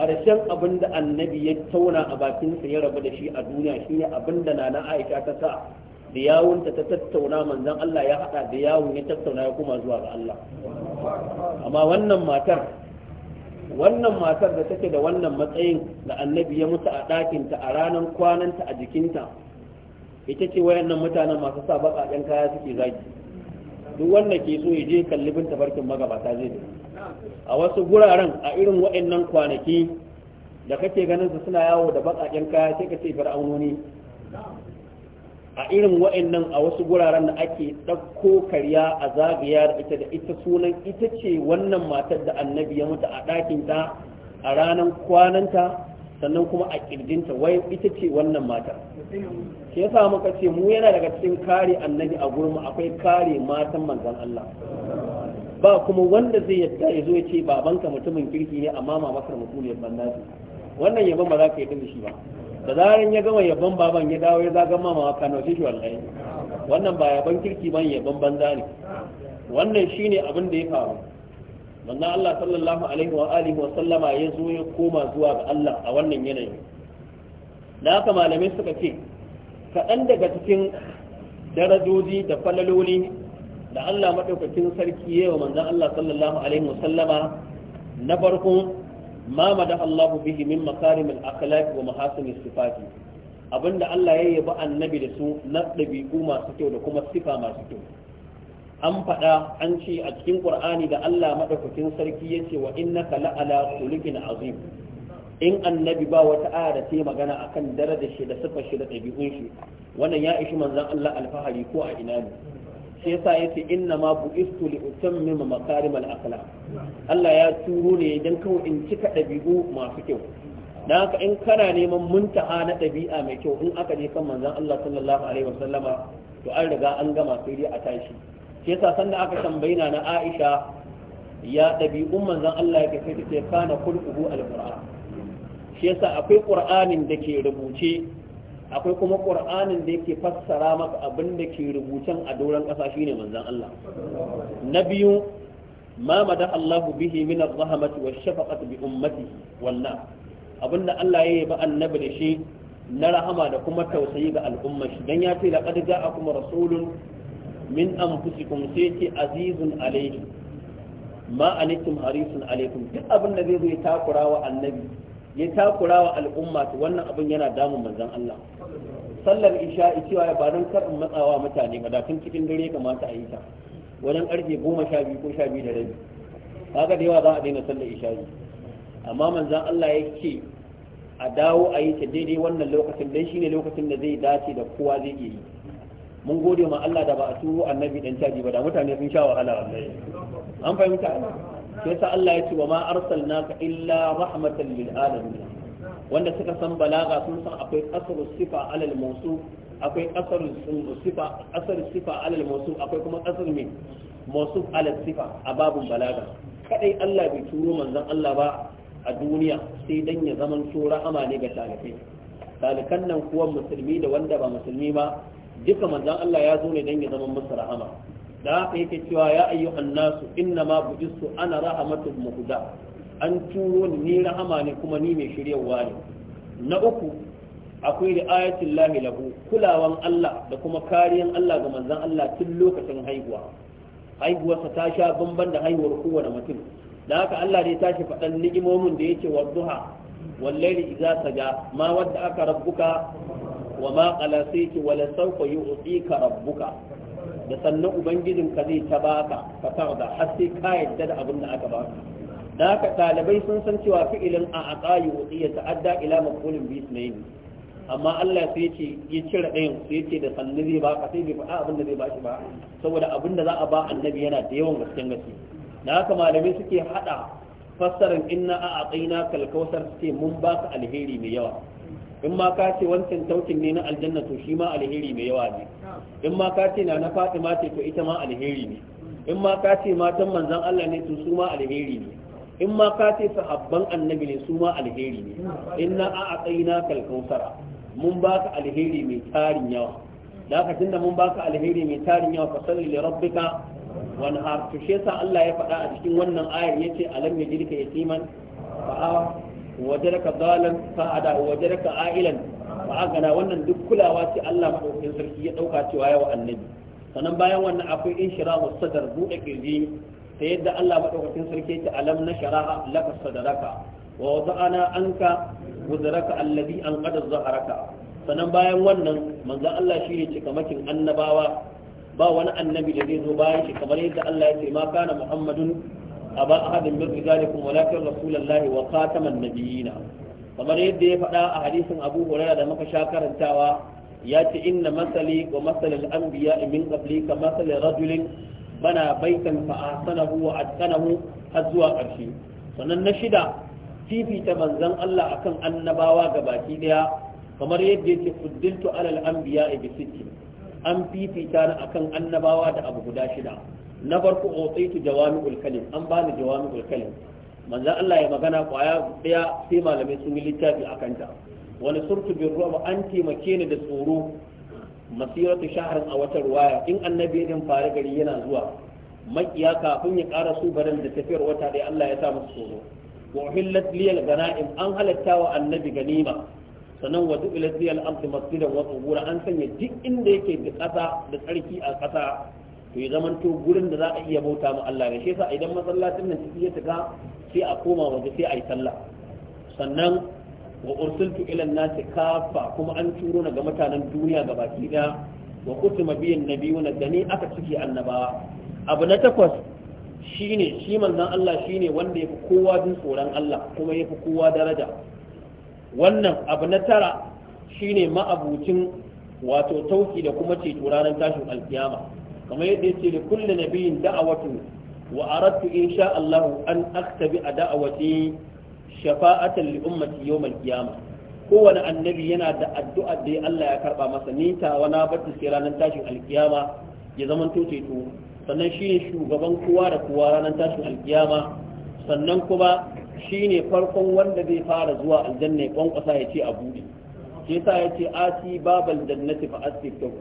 ƙarshen abin da annabi ya tauna a bakinsa ya rabu da shi a duniya shine abin da nana aisha ta sa da yawunta ta tattauna manzon Allah ya hada da yawun ya tattauna ya kuma zuwa ga Allah amma wannan matar wannan matar da take da wannan matsayin da annabi ya musu a ɗakinta a ranar kwananta a jikinta ita ce wayannan mutanen masu sa baƙaƙen kaya suke zaki, duk wanda ke so ya je kalli bin tafarkin magabata zai da a wasu guraren a irin wayannan kwanaki da kake ganin su suna yawo da baƙaƙen kaya sai ka ce fir'aunoni a irin wa'annan a wasu guraren da ake ɗauko karya a zagaya da ita da ita sunan ita ce wannan matar da annabi ya mutu a ta a ranar kwananta sannan kuma a ƙirjinta wai ita ce wannan matar shi yasa muka ce mu yana daga cikin kare annabi a gurin mu akwai kare matan manzon Allah ba kuma wanda zai yadda ya zo ya ce babanka mutumin kirki ne amma mamakar mutuniyar banna wannan yabon ba za ka yi da shi ba da zaran ya gama yabon baban ya dawo ya zagan mama ka nauce shi wallahi wannan ba yabon kirki ban yabon banza ne wannan shine abin da ya faru wannan Allah sallallahu alaihi wa alihi wa sallama ya zo ya koma zuwa ga Allah a wannan yanayi da haka malamai suka ce kaɗan daga cikin darajoji da falaloli da Allah maɗaukakin sarki yawa manzon Allah sallallahu alaihi wa sallama na farko ma madaha Allah bihi min makarim al-akhlaq wa mahasin sifati abinda Allah ya yaba annabi da su na ɗabi'u masu kyau da kuma sifa masu kyau an faɗa an ce a cikin ƙur'ani da Allah maɗaukakin sarki ya ce wa innaka la'ala khuluqin azim in annabi ba wata aya da yi magana akan darajar shi da sifar shi da ɗabi'un shi wannan ya ishi manzon Allah alfahari ko a ina ne shi yasa yace inna ma bu'istu li utammima al akhlaq Allah ya turo ne dan kawai in cika dabi'u masu kyau dan haka in kana neman muntaha na dabi'a mai kyau in aka je kan manzon Allah sallallahu alaihi wasallama to an riga an gama sai dai a tashi shi yasa sanda aka tambayina na Aisha ya dabi'un manzon Allah yake sai ta kana al-qur'an shi yasa akwai qur'anin da ke rubuce akwai kuma ƙur'anin da yake fassara maka abin da ke rubuta a doron ƙasa shine manzon Allah na biyu ma mada Allahu bihi min ar-rahmati wash-shafaqati bi ummatihi wallah abinda Allah ya yaba annabi da shi na rahama da kuma tausayi ga al'ummar shi dan ya ce laqad ja'akum rasulun min anfusikum sai ce azizun alayhi ma alaikum harisun alaikum duk abin da zai zo ya takura wa annabi ya takura wa al'umma to wannan abin yana damun manzon Allah sallar isha cewa ya barin karin matsawa mutane ba da tun cikin dare kamata a yi ta wajen karfe goma sha biyu ko sha biyu da rabi kaga da yawa za a daina sallar isha'i amma manzon Allah ya ce a dawo a yi ta daidai wannan lokacin dan shine lokacin da zai dace da kowa zai iya yi mun gode ma Allah da ba a turo annabi dan caji ba da mutane sun sha wahala wallahi an fahimta sai sa Allah ya ce wa ma ka illa rahmatan lil alamin wanda suka san balaga sun san akwai kasar sifa alal mawsu akwai kasar sifa kasar sifa alal mawsu akwai kuma kasar me mawsu alal sifa a babun balaga kadai Allah bai turo manzon Allah ba a duniya sai dan ya zaman to rahama ne ga talibai talikan nan kuwa musulmi da wanda ba musulmi ba duka manzon Allah ya zo ne dan ya zaman musu rahama da haka yake cewa ya ayyu annasu inna ma bujistu ana rahamatu muhda an turo ni rahama ne kuma ni mai shiryawa ne na uku akwai ayatul lahi lahu kulawan Allah da kuma kariyan Allah ga manzon Allah tun lokacin haihuwa haihuwarsa ta sha bamban da haihuwar kowane mutum da haka Allah dai tashi faɗan ni'imomin da yake wa duha wallahi idza saja ma wadda aka rabbuka wa ma qala sayti wala sawfa yu'tika rabbuka da sannan ubangijin ka zai ta baka ka tarda har sai ka yadda da abin da aka baka da haka ɗalibai sun san cewa fi'ilin a aqayu ya ta'adda ila maqulin bi isnayn amma Allah sai ce ya cire ɗayan sai ce da sannu zai baka sai bai faɗa abin da zai bashi ba saboda abin da za a ba annabi yana da yawan gasken gaske da haka malamai suke hada fassarar inna a aqaina kalkausar suke mun baka alheri mai yawa in ma ka ce wancan sautin ne na aljanna to shi ma alheri mai yawa ne in ma ka ce na na fatima ce to ita ma alheri ne in ma ka ce matan manzan Allah ne to su ma alheri ne in ma ka ce sahabban annabi ne su ma alheri ne inna a atsaina kalkausara mun baka alheri mai tarin yawa da ka tunda mun baka alheri mai tarin yawa fa salli li rabbika wanhar to shi yasa Allah ya faɗa a cikin wannan ayar yace alam yajidka yatiman fa'a ah, wajaraka zalan fa'ada wajaraka ailan fa'agana wannan duk kulawa ce Allah madaukakin sarki ya dauka cewa yawa annabi sannan bayan wannan akwai inshirahu sadar buɗe kirji ta yadda Allah madaukakin sarki yake alam na sharaha laka sadaraka wa wada'ana anka wuzaraka alladhi an qad zaharaka sannan bayan wannan manzo Allah shi ne cikamakin annabawa ba wani annabi da zai zo bayan shi kamar yadda Allah ya ce ma kana muhammadun aba ahadin min rijalikum walakin rasulullahi wa khataman nabiyina kamar yadda ya faɗa a hadisin Abu Hurairah da muka sha karantawa ya ce inna masali wa masalil anbiya min qabli ka masali rajulin bana baitan fa ahsanahu wa atqanahu har zuwa ƙarshe sannan na shida fifita manzon Allah akan annabawa gabaki daya kamar yadda yake fuddiltu alal anbiya bi sitti an fifita ni akan annabawa da abu guda shida na farko utaitu jawami kalim an bani jawami'ul kalim manzan Allah ya magana kwaya daya sai malamai sun yi littafi akan ta wani surtu bin ruwa an taimake ni da tsoro masiratu shaharin a wata ruwaya in annabi din fara gari yana zuwa makiya kafin ya ƙara su barin da tafiyar wata dai Allah ya sa musu tsoro wa uhillat liyal ganaim an halatta wa annabi ganima sannan wa du'ilat liyal amsi masjidan wa tsubura an sanya duk inda yake da ƙasa da tsarki a ƙasa to ya zaman to gurin da za a iya bauta ma Allah ne shi yasa idan masallacin nan ciki ya tuka sai a koma waje sai a yi sallah sannan wa ursiltu ila nasi kafa kuma an turo na ga mutanen duniya ga baki daya wa kutuma biyan nabiyuna na ni aka ciki annabawa abu na takwas shine shi manzon Allah shine wanda yafi kowa jin tsoron Allah kuma yafi kowa daraja wannan abu na tara shine ma'abucin wato tauki da kuma ceto ranar tashin alkiyama kamar yadda yace da kulle nabiyyin da'awatu wa aradtu sha Allah an aktabi a da'awati shafa'atan li ummati yawm qiyamah kowane annabi yana da addu'a da Allah ya karba masa ni ta wana bata sai ranar tashin alkiyama ya zama to ceto sannan ne shugaban kowa da kowa ranar tashin alkiyama sannan kuma shine farkon wanda zai fara zuwa aljanna ya kwankwasa ya ce a buɗe shi yasa yace ati babal jannati fa astiftu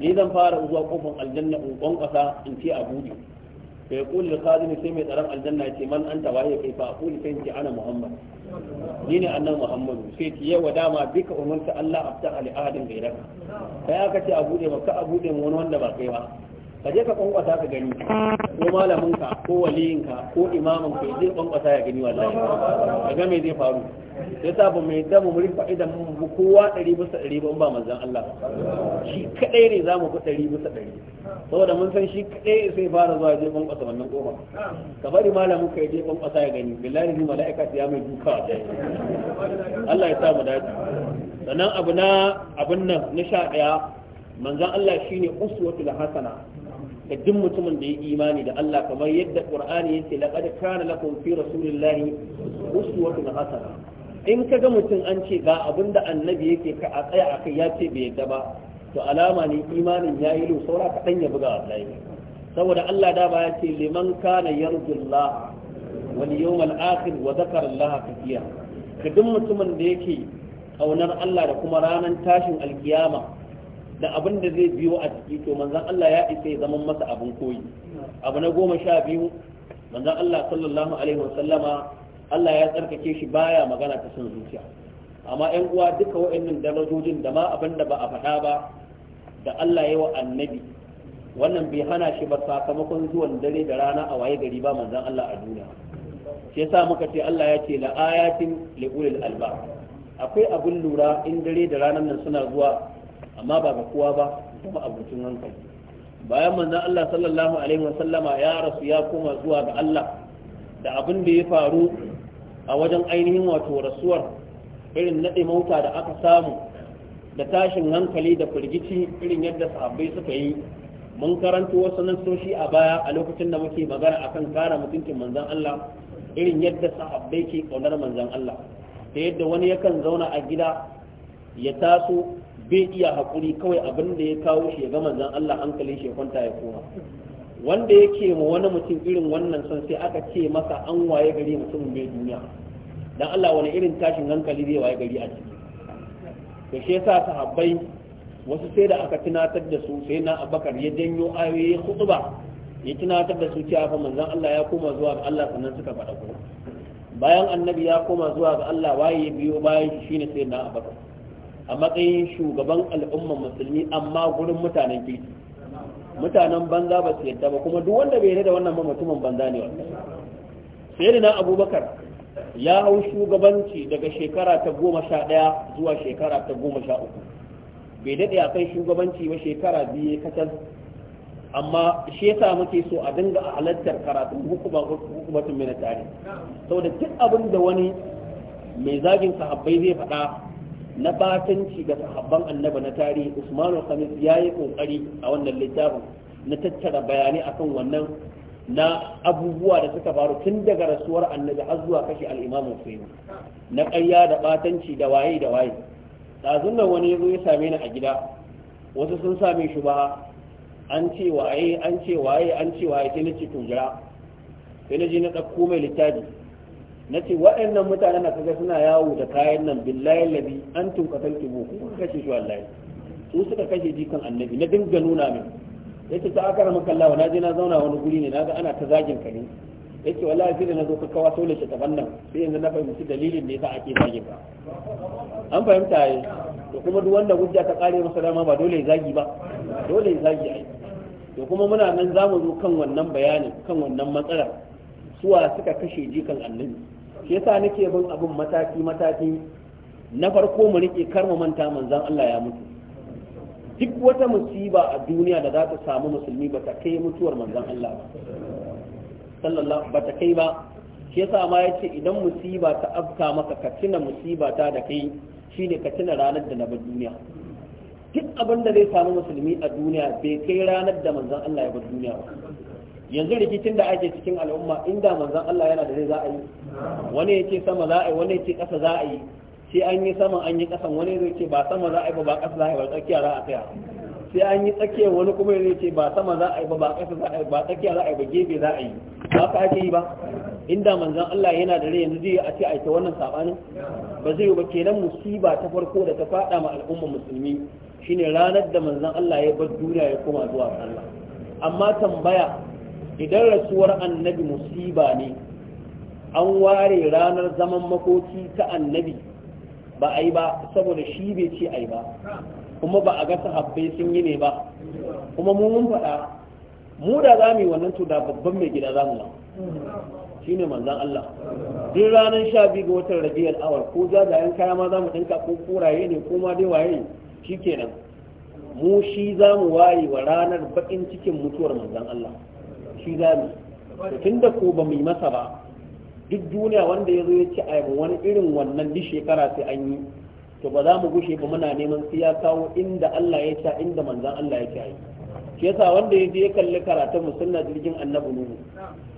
ni zan fara zuwa kofin aljanna in kwankwasa in ce a buɗe sai yaqul lil sai mai tsaron aljanna yace man anta wa ya kaifa aqul sai ce ana muhammad ni ne annabi muhammadu sai ce yawa dama bika umarta Allah afta ali ahadin gairaka kai aka ce a buɗe maka a buɗe wani wanda ba kai ba ka je ka kwankwasa ka gani ko malaminka ko waliyinka ko imamin ka zai kwankwasa ya gani wallahi ka ga me zai faru sai sa ba mai damu mu rufa idan mu kowa 100 bisa 100 ba ba manzon Allah shi kadai ne za mu fi 100 bisa 100 saboda mun san shi kadai sai fara zuwa je kwankwasa wannan kofa ka bari malamin ka je kwankwasa ya gani billahi ni mala'ika ya mai duka Allah ya sa mu dace sannan abu na abun nan na sha ɗaya manzon Allah shine uswatul hasana da duk mutumin da ya imani da Allah kamar yadda Qur'ani yake laqad kana lakum fi rasulillahi uswatun hasana in kaga mutum an ce ga da annabi yake ka a tsaya akai ya ce bai yadda ba to alama ne imanin yayi lu saura ka dan ya buga wallahi saboda Allah da ba ya ce liman kana yarjullah wal yawmal akhir wa dhakara Allah kafiya ka duk mutumin da yake kaunar Allah da kuma ranar tashin alkiyama da abin da zai biyo a ciki to manzon Allah ya isa ya zama masa abin koyi abu na goma sha biyu manzon Allah sallallahu alaihi sallama Allah ya tsarkake shi baya magana ta son zuciya amma ƴan uwa duka waɗannan darajojin da ma abin da ba a faɗa ba da Allah ya wa annabi wannan bai hana shi ba sakamakon zuwan dare da rana a waye gari ba manzon Allah a duniya shi yasa muka ce Allah ya ce la ayatin li ulil albab akwai abin lura in dare da ranar nan suna zuwa amma ba ga kowa ba kuma abincin hankali bayan manzon Allah sallallahu alaihi wasallama ya rasu ya koma zuwa ga Allah da abin da ya faru a wajen ainihin wato rasuwar irin naɗe mauta da aka samu da tashin hankali da firgici irin yadda sahabbai suka yi mun karanto wasu nassoshi a baya a lokacin da muke magana akan kara mutuncin manzon Allah irin yadda sahabbai ke kaunar manzon Allah ta yadda wani yakan zauna a gida ya taso bai iya haƙuri kawai abin da ya kawo shi ya ga zan Allah hankalin shi ya kwanta ya koma wanda yake mu wani mutum irin wannan son sai aka ce masa an waye gari mutumin mai duniya dan Allah wani irin tashin hankali zai waye gari a ciki to shi yasa sahabbai wasu sai da aka tunatar da su sai na abakar ya janyo ayoyi ba ya tunatar da su cewa fa manzon Allah ya koma zuwa ga Allah sannan suka faɗa ko bayan annabi ya koma zuwa ga Allah waye biyo bayan shi shine sai na abakar a matsayin shugaban al'ummar musulmi amma gurin mutanen kirki mutanen banza ba su yadda ba kuma duk wanda bai da wannan mutumin banza ne wa? sai da abubakar ya hau shugabanci daga shekara ta goma sha ɗaya zuwa shekara ta goma sha uku bai daɗe a kai shugabanci ba shekara biyu kacal amma shi yasa muke so a dinga a halartar karatun hukumatun mai na tare saboda duk abin da wani mai zagin sahabbai zai faɗa na batanci ga sahabban annabi na tarihi usman khamis ya yi kokari a wannan littafin na tattara bayanai akan wannan na abubuwa da suka faru tun daga rasuwar annabi har zuwa kashe al'imamu sai na ƙarya da batanci da waye da waye nan wani ya zo ya same ni a gida wasu sun same shi ba an ce waye an ce waye an ce waye sai na ce to jira sai na je na ɗauko mai littafi na ce waɗannan mutanen da kaga suna yawo da kayan nan billahi labi an tunkatar tubo ku kuka kashe shi wallahi su suka kashe jikan annabi na dinga nuna min yace ta aka ramu Allah na je na zauna wani guri ne naga ana ta zagin ka ne yace wallahi sai da na zo ka kawo tole shi ta bannan sai yanzu na fahimci dalilin da yasa ake zagin ka an fahimta ai to kuma duk wanda hujja ta kare masa dama ba dole ya zagi ba dole ya zagi ai to kuma muna nan zamu zo kan wannan bayanin kan wannan matsalar suwa suka kashe jikan annabi shi yasa nake bin abin mataki mataki na farko mu rike kar mu manta manzon Allah ya mutu duk wata musiba a duniya da za ta samu musulmi ba ta kai mutuwar manzon Allah ba sallallahu ba ta kai ba shi yasa ma yace idan musiba ta afka maka ka tuna musiba ta da kai shine ka tuna ranar da na bar duniya duk abin da zai samu musulmi a duniya bai kai ranar da manzon Allah ya ba duniya ba yanzu rikicin da ake cikin al'umma inda manzon Allah yana da zai za a yi wani ya ce sama za a yi wani ya ce ƙasa za a yi sai an yi sama an yi ƙasan wani zai ce ba sama za a yi ba ba ƙasa za a yi ba tsakiya za a tsaya sai an yi tsakiya wani kuma zai ce ba sama za a yi ba ba ƙasa za a yi ba tsakiya za a yi ba gefe za a yi ba ka ake yi ba inda manzon Allah yana da rai yanzu zai a ce a ta wannan sabanin ba zai ba kenan musiba ta farko da ta fada ma al'umma musulmi shine ranar da manzon Allah ya bar duniya ya koma zuwa Allah amma tambaya idan rasuwar annabi musiba ne an ware ranar zaman makoki ta annabi ba a yi ba saboda shi bai ce a yi ba kuma ba a ga sahabbai sun yi ne ba kuma mu mun faɗa mu da za mu yi wannan to da babban mai gida za mu shi ne manzan Allah duk ranar sha biyu ga watan rabiyar awar ko za da 'yan kaya ma za mu ɗinka ko koraye ne ko ma dai waye shi kenan mu shi za mu ware wa ranar baƙin cikin mutuwar manzan Allah shi zami tun da ko ba mu yi masa ba duk duniya wanda ya zo ya ci a wani irin wannan duk shekara sai an yi to ba za mu gushe ba muna neman sai ya kawo inda Allah ya sha inda manzon Allah ya yi shi yasa wanda ya je ya kalli karatun musulna jirgin annabi nuhu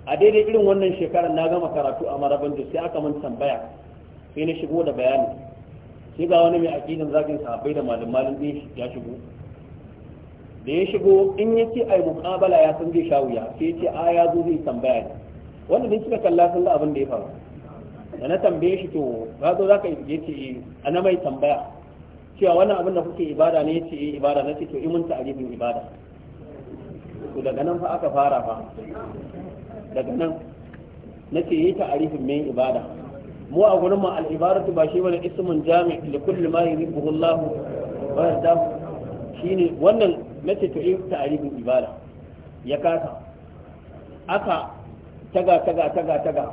a daidai irin wannan shekarar na gama karatu a marabin da sai aka mun tambaya sai na shigo da bayani sai ga wani mai aqidin zakin sahabbai da malum malum din ya shigo da ya shigo in ya ce ai muqabala ya san zai sha sai ya ce a ya zo zai tambaya ne wanda ne suka kalla sun ga abin da ya faru da na tambaye shi to ka zo zaka yi ce eh. ana mai tambaya cewa wannan abin da kuke ibada ne ya yace eh, ibada na ce to imun ta ajibin ibada to daga nan fa aka fara fa daga nan na ce yi ta'arifin mai ibada mu a gurin mu al ba shi wani ismin jami' li kulli ma yuhibbu Allah wa shi ne wannan na ce to in ta'aribin ibada ya kasa aka taga taga taga taga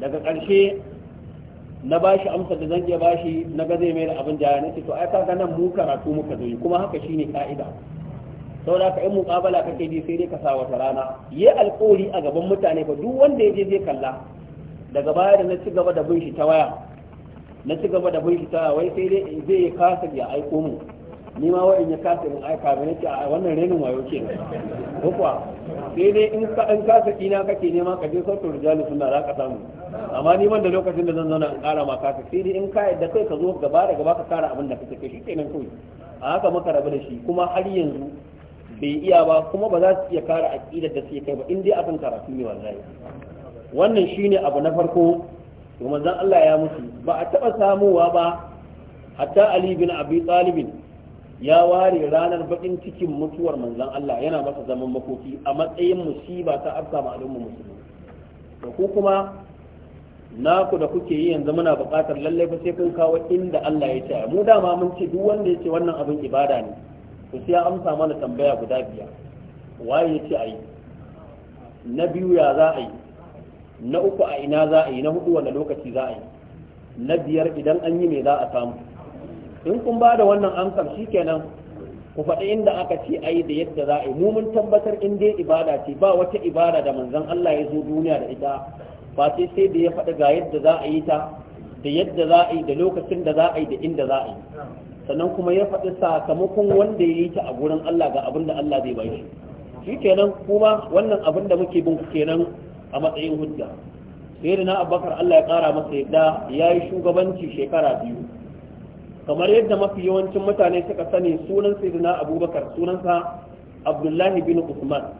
daga ƙarshe na bashi amsa da zan iya bashi na ga zai mai da abin jaya nace to ai kaga nan mu karatu muka zo kuma haka shine ka'ida saboda ka in muqabala kake ji sai dai ka sa wata rana yi alƙawari a gaban mutane fa duk wanda yaje zai kalla daga baya da na ci gaba da bin shi ta waya na ci gaba da bin shi ta wai sai dai zai kasa ya aiko mu ni ma wa'in ya kasa in aika ba nake a wannan renin wayo ke ko kuwa sai dai in ka in kasa kina kake nema ka je sautin rijalu sunna za ka samu amma ni man da lokacin da zan zauna in kara ma kasa sai dai in ka yadda kai ka zo gaba da gaba ka kara abin da kake kai shikenan kawai a haka maka rabu da shi kuma har yanzu bai iya ba kuma ba za su iya kara aqidar da suke kai ba in dai akan karatu ne wallahi wannan shine abu na farko to manzon Allah ya mutu ba a taba samuwa ba hatta Ali bin Abi talibin ya ware ranar bakin cikin mutuwar manzon Allah yana masa zaman makoki a matsayin musiba ta afka ma al'umma musulmi da ku kuma naku da kuke yi yanzu muna buƙatar lallai fa sai kun kawo inda Allah ya ce mu dama mun ce duk wanda ya ce wannan abin ibada ne to sai ya amsa mana tambaya guda biyar waye ya ce ayi na biyu ya za a yi na uku a ina za a yi na hudu wanda lokaci za a yi na biyar idan an yi me za a samu in kun ba da wannan amsar kenan ku faɗi inda aka ce a yi da yadda za a yi mun tabbatar in dai ibada ce ba wata ibada da manzan Allah ya zo duniya da ita ba sai sai da ya faɗi ga yadda za a yi ta da yadda za a yi da lokacin da za a yi da inda za a yi sannan kuma ya faɗi sakamakon wanda ya yi ta a gurin Allah ga abin da Allah zai bashi shi kenan kuma wannan abin da muke bin kenan a matsayin hujja sai da na abubakar Allah ya ƙara masa yadda ya yi shugabanci shekara biyu kamar yadda mafi yawancin mutane suka sani sunan sayyidina abubakar sunansa abdullahi bin usman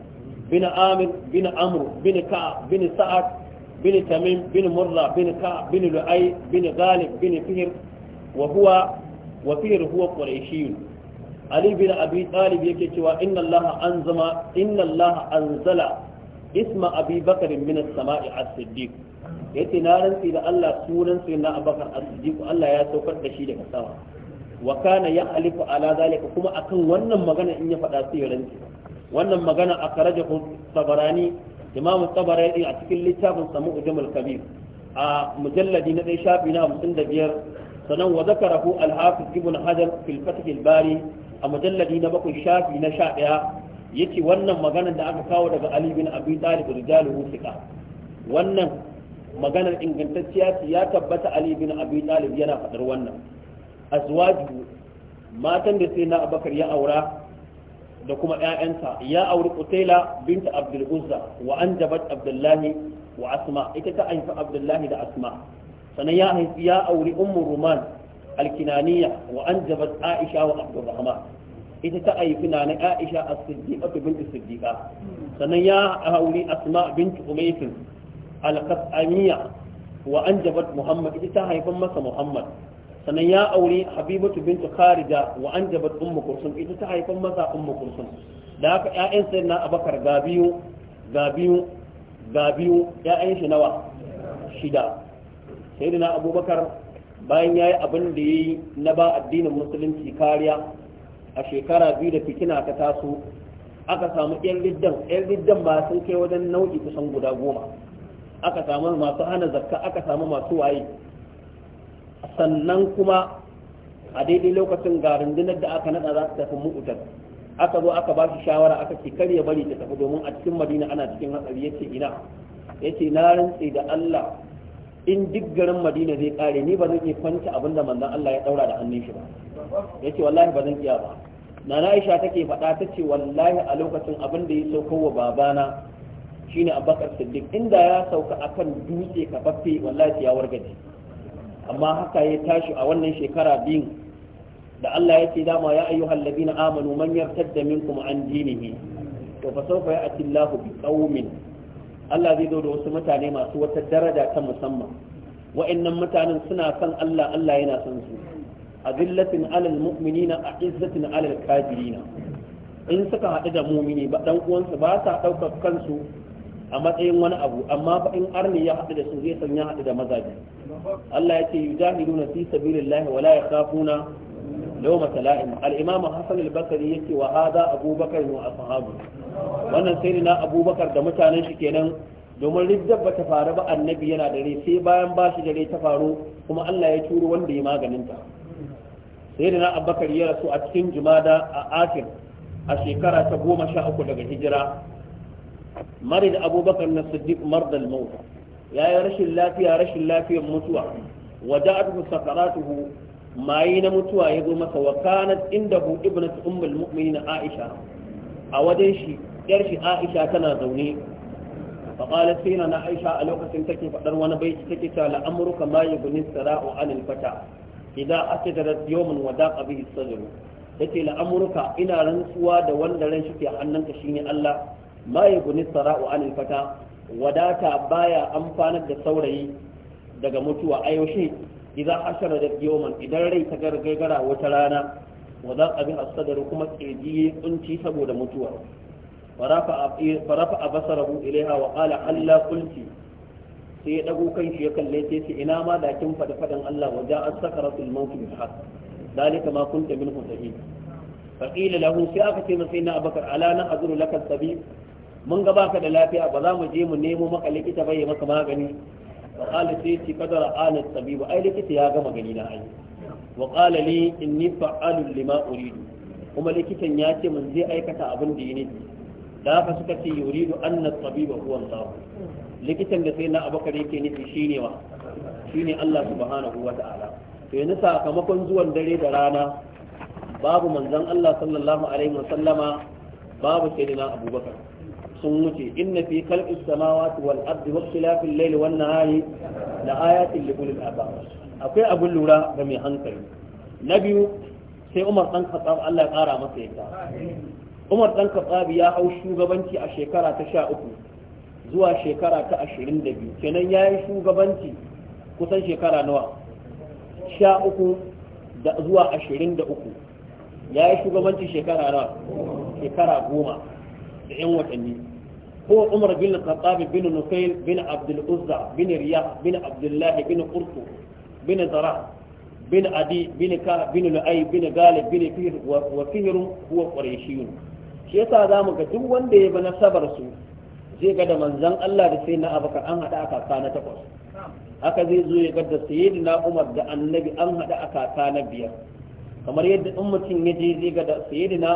bin amir bin amru bin ka bin sa'ad bin tamim bin murra bin ka bin lu'ay bin galib bin fihr wa huwa wa fihr huwa ali bin abi talib yake cewa inna allaha anzama inna allaha anzala isma abi bakr min as-sama'i as-siddiq yace na rantsi da Allah sunan sai na Abubakar as Allah ya saukar da shi daga sama wa kana ya'lifu ala zalika kuma akan wannan magana in ya faɗa sai ya rantsi wannan magana akhrajahu Tabarani Imam Tabarani a cikin littafin Samu Ujmal Kabir a mujalladi na dai shafi na biyar sanan wa zakarahu al Ibn Hajar fil Fath bari a mujalladi na bakwai shafi na sha ɗaya ya wannan maganar da aka kawo daga Ali bin Abi Talib rijalu wuthika wannan maganar ingantacciya ce ya tabbata ali bin abi talib yana faɗar wannan azwaju matan da sai na abakar ya aura da kuma ƴaƴansa ya auri qutaila binta abdul uzza wa anjabat abdullahi wa asma ita ta haifi abdullahi da asma sannan ya haifi ya auri ummu ruman alkinaniya wa anjabat aisha wa abdurrahman ita ta aifi na na aisha as-siddiqa bint siddiqa sannan ya auri asma bint umaysin alƙasamiya wa an jabat muhammad ita ta haifan masa muhammad sannan ya aure habibatu bintu kharija wa an jabat ummu kursum ita ta haifan masa ummu kursum da haka ƴaƴan sai na abakar ga biyu ga biyu ga biyu ƴaƴan shi nawa shida sai da na abubakar bayan ya yi abin da ya yi na ba addinin musulunci kariya a shekara biyu da fitina ta taso aka samu yan riddan yan riddan ba sun kai wajen nau'i kusan guda goma aka samu masu hana zakka aka samu masu waye sannan kuma a daidai lokacin ga rundunar da aka nada za su tafi mu'utar aka zo aka ba shi shawara aka ce kar ya bari ta tafi domin a cikin madina ana cikin hatsari yace ina yace na rantse da Allah in duk garin madina zai kare ni ba zan iya kwanta abin da manzon Allah ya daura da hannun shi ba yace wallahi ba zan iya ba na Aisha take faɗa ta ce wallahi a lokacin abin da ya sauko wa babana shine abakar siddiq inda ya sauka akan dutse kafaffe wallahi ya wargaje amma haka ya tashi a wannan shekara biyu da Allah ya ce dama ya ayyuhal ladina amanu man yartadda minkum an dinihi to fa sawfa ya'ti Allahu bi qaumin Allah zai zo da wasu mutane masu wata daraja ta musamman wa'annan mutanen suna san Allah Allah yana son su azillatin alal mu'minina a'izzatin alal kafirina in suka haɗu da mumini ba dan uwansu ba sa ɗaukar kansu a matsayin wani abu amma ba in arni ya haɗu da su zai san ya haɗu da maza biyu. Allah ya ce yujahiduna fi sabilillahi wala yakhafuna lawma tala'im al-imam Hassan al-Bakari yake wa hada Abu wa ashabu wannan sai na abubakar da mutanen shi kenan domin riddar ba ta faru ba annabi yana da rai sai bayan ba shi da rai ta faru kuma Allah ya turo wanda ya maganin ta sai da na abubakar ya rasu a cikin jumada a asir a shekara ta goma sha uku daga hijira marid abubakar na siddiq mardal mauta ya yi rashin lafiya rashin lafiyar mutuwa wada'atuhu sakaratuhu mayi na mutuwa ya zo masa wa kanat indahu ibnatu ummul mu'minin aisha a wajen shi yar shi aisha tana zaune fa qalat na aisha a lokacin take fadar wani baiti take ta la'amruka ma yubni sara'u anil fata idan atadarat yawman wadaqa bihi sadru yace la'amruka ina rantsuwa da wanda ran shi ke hannunka shine Allah ma guni sara'u an fata wadata baya amfanar da saurayi daga mutuwa a yaushe idan ashara da yawman idan rai ta gargagara wata rana wa za asadar kuma kirji ya kunci saboda mutuwa farafa a basarahu ilaiha wa qala alla sai ya dago kan shi ya kalle sai ce ina ma da kin fada fadan Allah wa ja'a sakaratul maut bil haqq dalika ma kunta min tahid fa qila lahu sai aka ce masa ina abakar ala na azru lakal tabib mun ga baka da lafiya ba za mu je mu nemo maka likita bai maka magani wa qala sai ci kadara anat tabib ai likita ya gama gani na ai wa qala li inni fa'alu lima uridu kuma likitan ya ce mun zai aikata abin da yake da haka suka ce yuridu anna tabib huwa Allah likitan da sai na abakar yake nufi shine wa shine Allah subhanahu wa ta'ala to yanzu sakamakon zuwan dare da rana babu manzon Allah sallallahu alaihi sallama babu sayyidina Abubakar sun wuce inna fi kalbi samawati wal ardi wa ikhtilafil layli wan nahari la ayatin li ulil albab akwai abun lura ga mai hankali na biyu sai Umar dan Khattab Allah ya kara masa yadda Umar dan Khattab ya hau shugabanci a shekara ta 13 zuwa shekara ta 22 kenan yayi shugabanci kusan shekara nawa 13 da zuwa 23 yayi shugabanci shekara nawa shekara goma da 'yan watanni هو عمر بن الخطاب بن نفيل بن عبد الأزع بن رياح بن عبد الله بن قرطو بن زرع بن عدي بن كعب بن لؤي بن غالب بن فير وفير هو قريشيون shi yasa za mu ga duk wanda ya bi nasabar su zai ga da manzon Allah da sai na abaka an hada aka kana takwas haka zai zo ya ga da sayyidina Umar da annabi an hada aka kana biyar kamar yadda in mutum ya je zai ga da sayyidina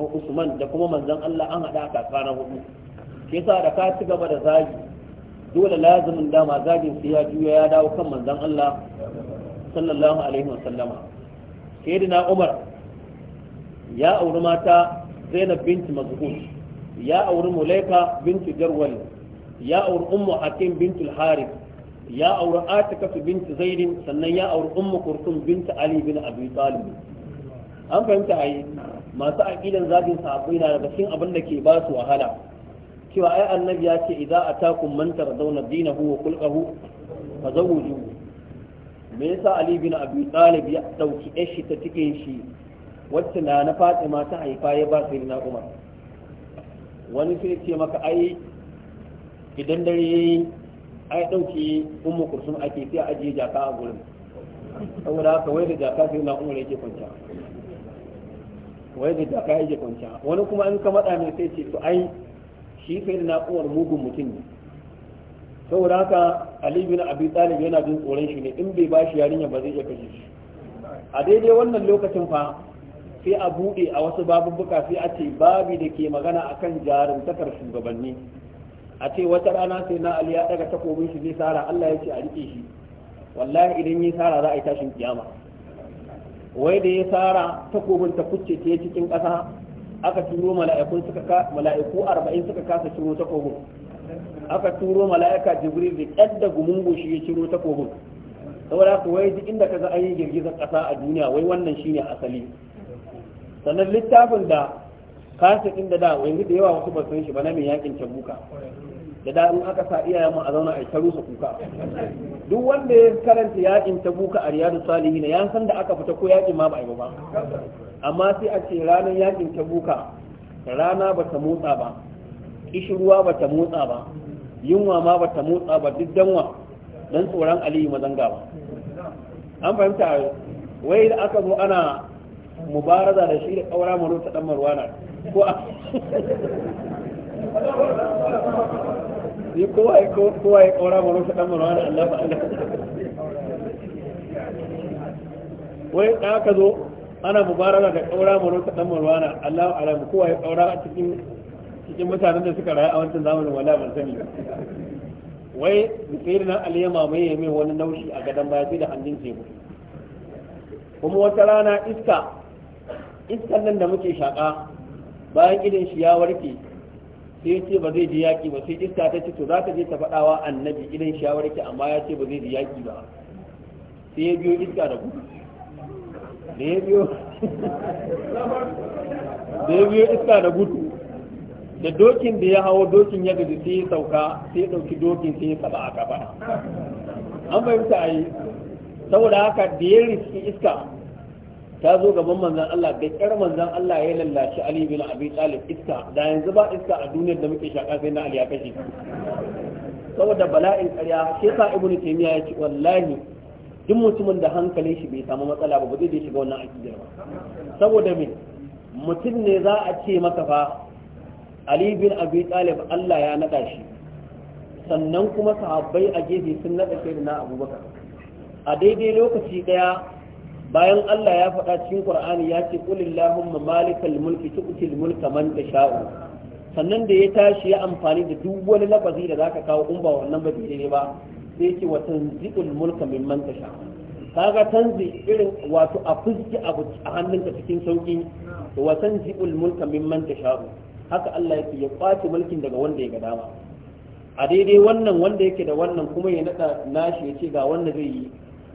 Usman da kuma manzon Allah an hada aka kana hudu shi yasa da ka ci gaba da zagi dole lazimin dama zagin ya juya ya dawo kan manzon Allah sallallahu alaihi wasallama sayyidina Umar ya auri mata Zainab binti Mazhun ya auri Mulaika binti Jarwal ya auri Ummu Hakim binti Harith ya auri Atika binti Zaidin sannan ya auri Ummu Kurtum binti Ali bin Abi Talib an fahimta ai masu aqidan zagin sahabbai na daga cikin abin da ke ba su wahala cewa ai annabi ya ce idza atakum man tardawna dinahu wa khulquhu fazawwiju me yasa ali bin abi talib ya dauki shi ta cikin shi wacce na na fatima ta haifa ya ba sai na umar wani sai ce maka ai idan dare yayi ai dauki ummu kursum ake sai ajiye jaka a gurin saboda haka wai da jaka sai na umar yake kwanciya wai da jaka yake kwanciya wani kuma in ka mada mai sai ce to ai shi sai da na'uwar mugun mutum ne saboda haka ali bin abi talib yana jin tsoron shi ne in bai ba shi yarinya ba zai iya kashe shi a daidai wannan lokacin fa sai a buɗe a wasu babubbuka sai a ce babi da ke magana a kan jarumtakar shugabanni a ce wata rana sai na ali ya daga takobin shi zai sara Allah ya ce a rike shi wallahi idan yi sara za a yi tashin kiyama wai da ya sara takobin ta kucce ta cikin ƙasa aka turo mala'ikun suka ka mala'iku 40 suka kasa ta kogon aka turo mala'ika jibril da kadda gumungu shi ya ta takobin saboda haka wai duk inda kaza an yi girgizar kasa a duniya wai wannan shine asali sannan littafin da kasa inda da yanzu da yawa wasu ba san shi ba na mai yakin tabuka da da in aka sa iyayen mu a zauna a taru su kuka duk wanda ya karanta yakin tabuka a riyadu salihin ya san da aka fita ko yakin ma ba a ba amma sai a ce ranar yakin ta buka rana ba ta motsa ba kishirwa ba ta motsa ba yunwa ma ba ta motsa ba duk danwa don tsoron aliyu mazanga ba an fahimta wai da aka zo ana mubaraza da shi da ƙaura maro ta ɗan marwana ko a ni ƙaura maro ta ɗan marwana Allah ba Allah wai da aka zo ana mubarara da kaura mu roƙa dan marwana Allahu alamu kowa ya kaura a cikin cikin mutanen da suka rayu a wancan zamanin wala ban sani wai bukiri na aliyama mai yame wani naushi a gadon baya sai da hannun teku kuma wata rana iska iskan nan da muke shaƙa bayan gidan shi ya warke sai ya ce ba zai ji yaƙi ba sai iska ta ce to za ka je ta faɗawa annabi gidan shi ya warke amma ya ce ba zai ji yaƙi ba sai ya biyo iska da gudu da ya biyo iska da gudu da dokin da ya hawo dokin ya gaji sai ya sauka sai ya ɗauki dokin sai ya saba a gaba an fahimta a yi saboda haka da ya riski iska ta zo gaban manzan Allah da ƙyar manzan Allah ya lallashi Ali bin Abi Talib iska da yanzu ba iska a duniyar da muke shaƙa sai na Ali ya kashe saboda bala'in ƙarya shi sa Ibn Taymiyyah ya ce wallahi duk mutumin da hankalin shi bai samu matsala ba ba zai shiga wannan akidar ba saboda me mutum ne za a ce maka fa Ali bin Abi Talib Allah ya naɗa shi sannan kuma sahabbai a gefe sun nada shi na Abubakar a daidai lokaci daya bayan Allah ya faɗa cikin Qur'ani ya ce qul illahumma malikal mulki tu'til mulka man tasha'u sannan da ya tashi ya amfani da duk wani lafazi da zaka kawo in ba wannan ba daidai ba sai yake wa tanzi'ul mulka min mimman tasha kaga tanzi irin wato a fuski abu a hannunka cikin sauki wa tanzi'ul mulka min mimman tasha haka Allah yake ya kwace mulkin daga wanda ya ga dama a daidai wannan wanda yake da wannan kuma ya nada nashi ya ce ga wanda zai yi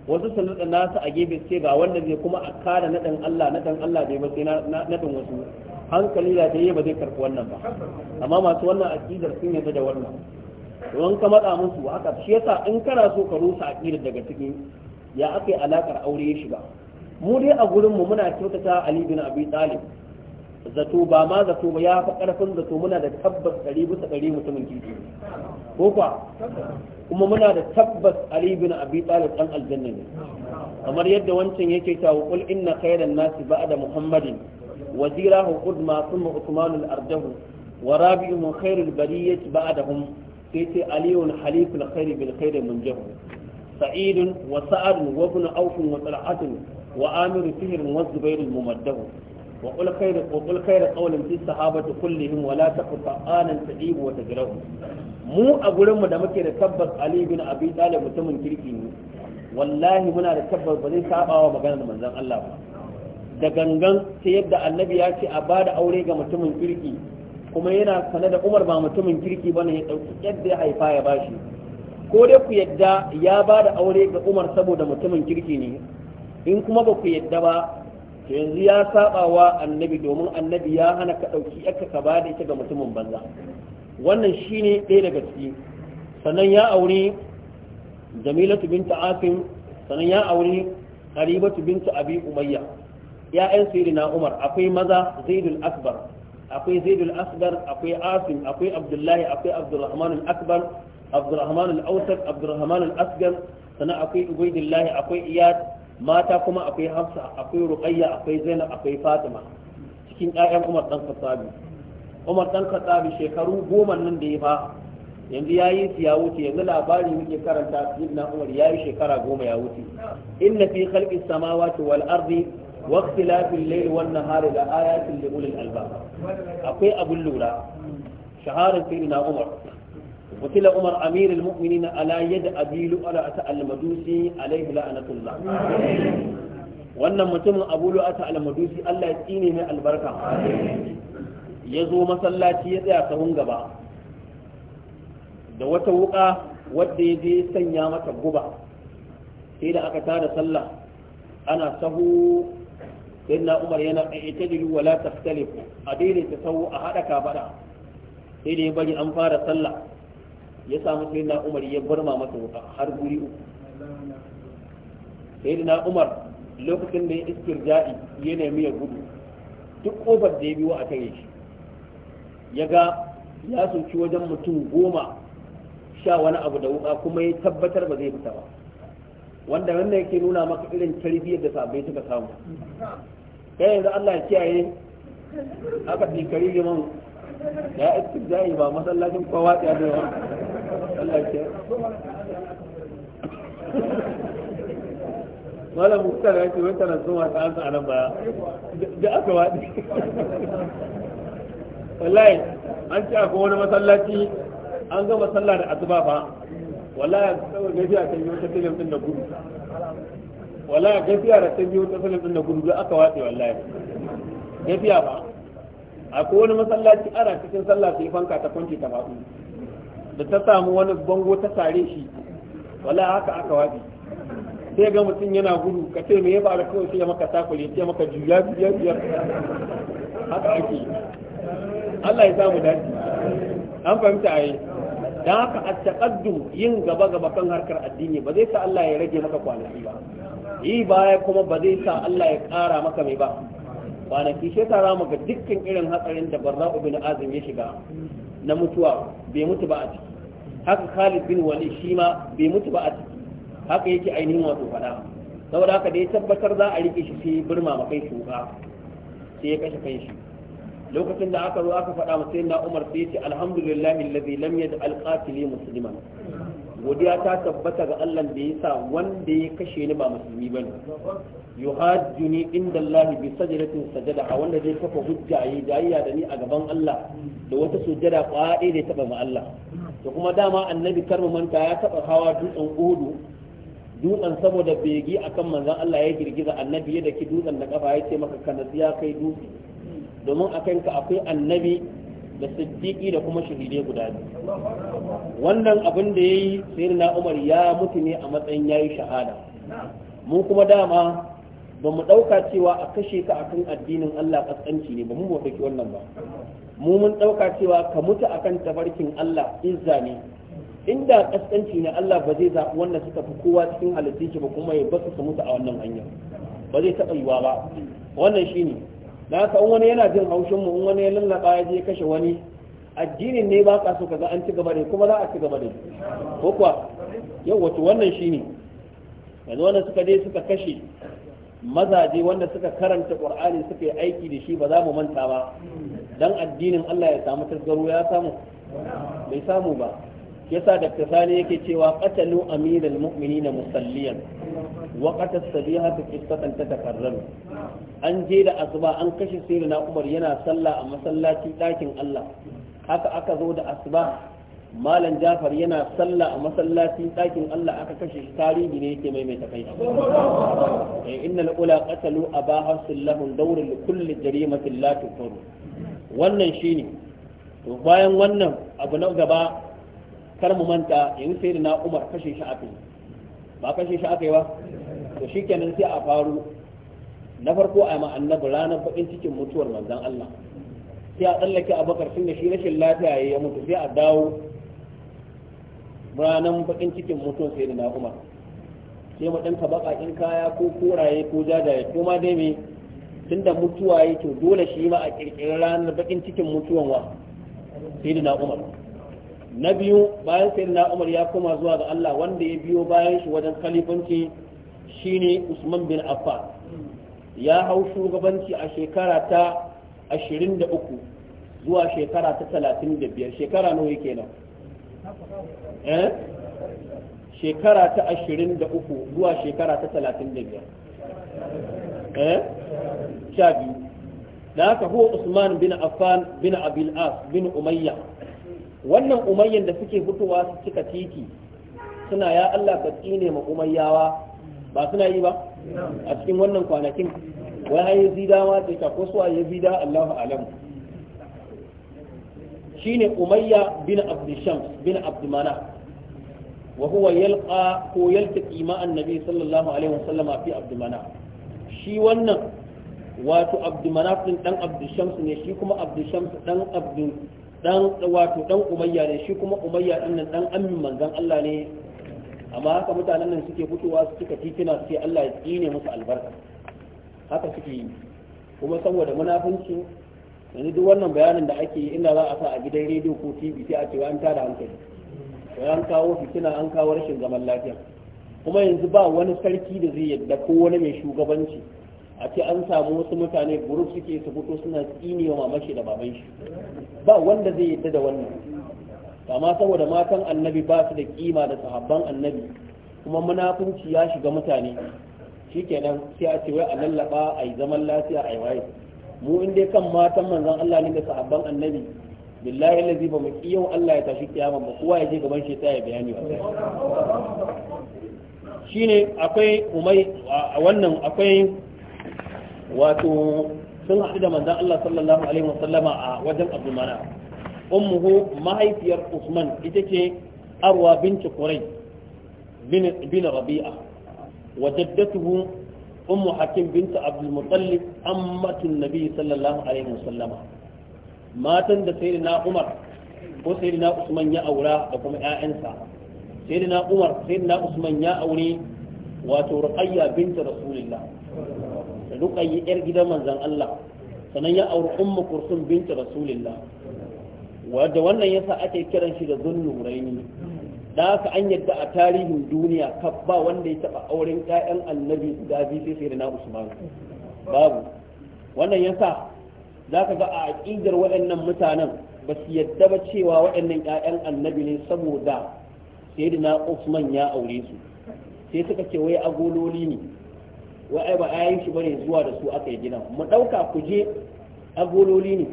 wasu su nada nasu a gefe ce ga wanda zai kuma a kada nadan Allah nadan Allah bai ba sai nadan wasu hankali da ta yi ba zai karɓi wannan ba amma masu wannan aƙidar sun yarda da wannan don ka matsa musu haka shi yasa in kana so ka rusa aqidar daga cikin ya akai alakar aure shi shiga mu dai a gurin mu muna kyautata Ali bin Abi Talib zato ba ma zato ba ya fi karfin zato muna da tabbas ɗari bisa ɗari mutumin ko kwa kuma muna da tabbas Ali bin Abi Talib dan aljanna ne kamar yadda wancan yake cewa qul inna khayran nasi ba'da muhammadin wazirahu qudma thumma usman al-ardahu wa rabi'u khairul bariyati ba'dahum sai ce aliyun halifin khairi bil khairi mun jahu sa'idun wa sa'adun wa ibn aufin wa talhatun wa amiru sihirin wa zubairun mumaddahu wa qul khairu wa qul khairu qawlan fi sahabati kullihim wa la taqta anan ta'ib wa tajrahu mu a gurin mu da muke da tabbas ali bin abi talib mutumin kirki ne wallahi muna da tabbas ba zai saba wa maganar manzon Allah ba da gangan sai yadda annabi ya ce a bada aure ga mutumin kirki kuma yana sane da umar ba mutumin kirki bane ya ɗauki yadda ya haifa ya bashi ko dai ku yadda ya ba da aure ga umar saboda mutumin kirki ne in kuma ba ku yadda ba to yanzu ya saba wa annabi domin annabi ya hana ka ɗauki yadda ka ba da ita ga mutumin banza wannan shine ɗaya daga ciki sannan ya aure jamilatu binta asim sannan ya aure qaribatu binta abi umayya ya'yan sayyidina umar akwai maza zaidul akbar akwai zaidul asgar akwai asim akwai abdullahi akwai abdurrahman al-akbar abdurrahman al-awsat abdurrahman al-asgar sannan akwai ubaidillahi akwai iyad mata kuma akwai hafsa akwai ruqayya akwai zainab akwai fatima cikin ƴaƴan umar dan khattabi umar dan khattabi shekaru goma nan da ya fa yanzu ya yi ya wuce yanzu labari muke karanta sayyidina umar ya yi shekara goma ya wuce inna fi khalqis samawati wal ardi waqtilafil layli wannan nahari la ayatin li ulil albab akwai abun lura shaharar na Umar وكلا عمر أمير المؤمنين ألا يد أبيل ألا أتى المدوسي عليه لعنة الله wannan mutumin abu lu'ata al-madusi Allah ya tsine mai albarka ya zo masallaci ya tsaya sahun gaba da wata wuka wadda ya je sanya mata guba sai da aka tada sallah ana sahu sayyidina umar yana aitadilu wala taftalifu a daidaita a hada kafada sai da ya bari an fara sallah ya samu sayyidina umar ya barma masa wuka har guri uku sayyidina umar lokacin da ya istirja'i ya nemi ya gudu duk kofar da ya biyo a kare shi ya ga ya soki wajen mutum goma sha wani abu da wuka kuma ya tabbatar ba zai fita ba wanda wannan yake nuna maka irin tarbiyyar da sabai suka samu ya yanzu Allah ya kiyaye aka tsikari liman ya istirjayi ba masallacin kowa ya da yawa Allah ya kiyaye wala muktar ya ce wai tana zuwa ta ansa nan baya da aka wadi wallahi an ci akwai wani masallaci an gama sallah da asuba fa wallahi saboda a kan yi wata tilim din da gudu wala gafiya da ta biyo ta sanar din da gudu aka watse wallahi gafiya ba akwai wani masallaci ana cikin sallah sai fanka ta kwanci ta faɗi da ta samu wani bango ta sare shi wala haka aka watse sai ga mutum yana gudu ka ce me ya faru kawai sai ya maka takuri sai ya maka juya juya juya haka ake Allah ya samu dace an fahimta a yi don haka a taƙaddu yin gaba gaba kan harkar addini ba zai sa Allah ya rage maka kwanaki ba yi baya kuma ba zai sa Allah ya ƙara maka mai ba kwanaki shekara mu ga dukkan irin hatsarin da barra ibn azim ya shiga na mutuwa bai mutu ba a ciki haka khalid bin wani shi ma bai mutu ba a ciki haka yake ainihin wato faɗa saboda haka da ya tabbatar za a rike shi sai birma ma kai shuka sai ya kashe kai shi lokacin da aka zo aka faɗa masa na umar sai ya ce alhamdulillahi allazi lam yaj'al qatili musliman godiya ta tabbata ga Allah da ya sa wanda ya kashe ni ba musulmi bane yuhajjuni inda Allah bi sajdatin sajada a wanda zai kafa hujja yayi jayya da ni a gaban Allah da wata sujada kwaɗe da ya taba ma Allah to kuma dama annabi karmu manta ya taba hawa dutsen Uhudu dutsen saboda begi akan manzon Allah ya girgiza annabi ya daki dutsen da kafa ya ce maka kana ya kai dutse domin akan ka akwai annabi da siddiƙi da kuma shahidai guda biyu wannan abin da ya yi yayi na Umar ya mutu ne a matsayin ya yi shahada mu kuma dama ba mu ɗauka cewa a kashe ka akan addinin Allah ƙasƙanci ne ba mu ba wannan ba mu mun ɗauka cewa ka mutu akan tafarkin Allah izza ne inda ƙasƙanci ne Allah ba zai zaɓi wanda suka fi kowa cikin halittun ba kuma ya basu su mutu a wannan hanyar ba zai taɓa yiwa ba wannan shi ne da haka in wani yana jin haushin mu in wani ya lallaba ya je kashe wani addinin ne ba ka so kaga an ci gaba da kuma za a ci gaba da ko kuwa yau wato wannan shine yanzu wanda suka je suka kashe mazaje wanda suka karanta qur'ani suka yi aiki da shi ba za mu manta ba dan addinin Allah ya samu tasgaro ya samu bai samu ba yasa da kasani yake cewa qatalu amiral mu'minina musalliyan wa qatat sabiha fi qissatan an je da asuba an kashe sayyidina Umar yana sallah a masallaci dakin Allah haka aka zo da asuba malam Jafar yana sallah a masallaci dakin Allah aka kashe shi tarihi ne yake mai mai takai eh innal ula qatalu abaha sallahu dawrul kulli jarimatin la tufaru wannan shine to bayan wannan abu na gaba kar mu manta yanzu sai na umar kashe shi aka yi ba kashe shi aka yi ba to kenan sai a faru na farko a ma annabi ranar bakin cikin mutuwar manzon Allah sai a tsallake abakar tun da shi rashin lafiya ya mutu sai a dawo ranar bakin cikin mutuwar sai na umar sai mu baka in kaya ko koraye ko jajaye ko ma dai me tun da mutuwa yake dole shi ma a ƙirƙirar ranar bakin cikin mutuwan wa sai na umar na biyu bayan na umar ya koma zuwa ga Allah wanda ya biyo bayan shi wajen khalifanci shine usman bin affan ya hau shugabanci a shekara ta 23 zuwa shekara ta 35 shekara nawa kenan eh shekara ta 23 zuwa shekara ta 35 eh sha biyu da haka huwa usman bin affan bin abil as bin umayya wannan umayyan da suke fitowa su cika titi suna ya Allah ka tsine ma umayyawa ba suna yi ba a cikin wannan kwanakin wai har yazida ma sai ka ko suwa yazida Allahu alam shine umayya bin shams bin abdumana wa huwa yalqa ko yaltaqi ma annabi sallallahu alaihi wasallam fi abdumana shi wannan wato abdumana din dan shams ne shi kuma shams dan abdul dan wato dan umayya ne shi kuma umayya din nan dan amin manzon Allah ne amma haka mutanen nan suke fitowa su cika titina suke Allah ya tsine musu albarka haka suke yi kuma saboda munafunci yanzu duk wannan bayanin da ake inda za a sa a gidan rediyo ko tv sai a ce an tada hankali an kawo fitina an kawo rashin zaman lafiya kuma yanzu ba wani sarki da zai yadda ko wani mai shugabanci a ce an samu wasu mutane guruf suke su fito suna tsini wa mamashi da baban shi ba wanda zai yadda da wannan amma saboda matan annabi ba su da kima da sahabban annabi kuma munafunci ya shiga mutane shikenan sai a ce wai a lallaba a yi zaman lafiya a yi waye mu in dai kan matan manzon Allah ne da sahabban annabi billahi allazi ba mu yau Allah ya tashi kiyama ba kowa ya je gaban shi ta ya bayani ba shine akwai umai a wannan akwai wato sun haɗu da manzon Allah sallallahu alaihi wasallama a wajen Abdul Manaf ummuhu mahaifiyar Usman ita ce Arwa binti Quray bin Rabi'a wa jaddatuhu ummu Hakim binti Abdul Muttalib ammatun Nabi sallallahu alaihi wasallama matan da sayyidina Umar ko sayyidina Usman ya aura da kuma ƴaƴansa sayyidina Umar sayyidina Usman ya aure wato Ruqayya binta Rasulillah ruqayyi yar gidan manzan Allah sanan ya auri umma kursum binta rasulillah wanda wannan yasa ake kiran shi da zunnuraini da aka an yadda a tarihin duniya ka ba wanda ya taba auren ƴaƴan annabi guda biyu sai sai na usman babu wannan yasa zaka ga a aqidar waɗannan mutanen ba su yadda ba cewa waɗannan ƴaƴan annabi ne saboda sayyidina usman ya aure su sai suka ce wai agololi ne wai ba ayan shi bane zuwa da su aka yi gina mu dauka ku je agololi ne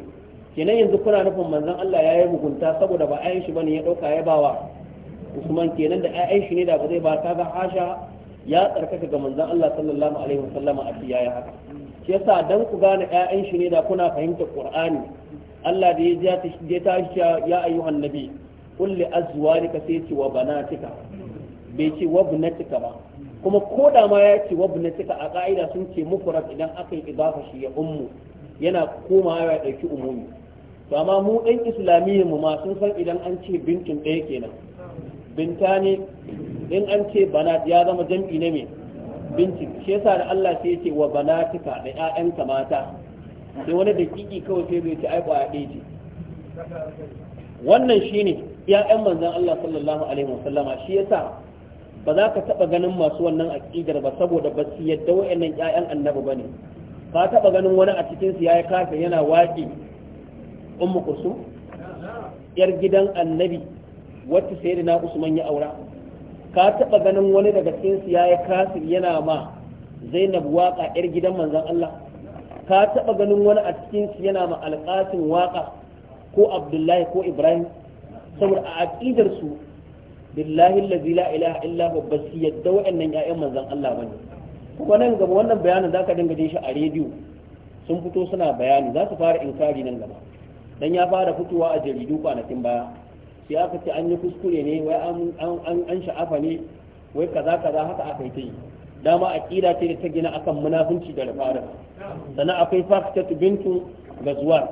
kenan yanzu kuna nufin manzon Allah ya yi mugunta saboda ba ayan shi bane ya dauka ya bawa Usman kenan da 'ya'yan shi ne da ba zai ba kaga hasha ya tsarkaka ga manzon Allah sallallahu alaihi wasallam a fiya ya haka shi yasa dan ku gane 'ya'yan shi ne da kuna fahimta Qur'ani Allah da ya ji tashi ya ayyuhan nabi kulli azwajika sai ce wa banatika bai ce wa bunatika ba kuma ko da ma ya ce wabna cika a ka'ida sun ce mufrad idan aka yi idafa shi ya ummu yana komawa ya ɗauki umumi to amma mu ɗan islamiyya mu ma sun san idan an ce bintin ɗaya kenan binta ne in an ce banat ya zama jam'i na me binti shi yasa da Allah sai ce wa banatika da ƴaƴanka mata sai wani daƙiƙi kawai sai zai ce ai ba ɗaya ce wannan shine ƴaƴan manzon Allah sallallahu alaihi wasallama shi yasa ba za ka taɓa ganin masu wannan aƙidar ba saboda ba su yadda wa'annan ƴaƴan annabi ba ne ka taɓa ganin wani a cikinsu ya yi kafin yana waƙi ummu kursu yar gidan annabi wacce sai na usman ya aura ka taɓa ganin wani daga cikinsu ya yi kafin yana ma zainab waƙa yar gidan manzon allah ka taɓa ganin wani a cikinsu yana ma alƙasin waƙa ko abdullahi ko ibrahim saboda a aƙidarsu billahi allazi la ilaha illa huwa bas yadda wa'annan ƴaƴan manzon Allah bane kuma nan gaba wannan bayanin zaka dinga jin shi a rediyo sun fito suna bayani za su fara inkari nan gaba dan ya fara fitowa a jaridu kwanakin baya sai aka ce an yi kuskure ne wai an sha'afa ne wai kaza kaza haka aka yi ta yi dama aƙida ce da ta gina akan munafunci da rafara sannan akwai fakta bintu gazuwar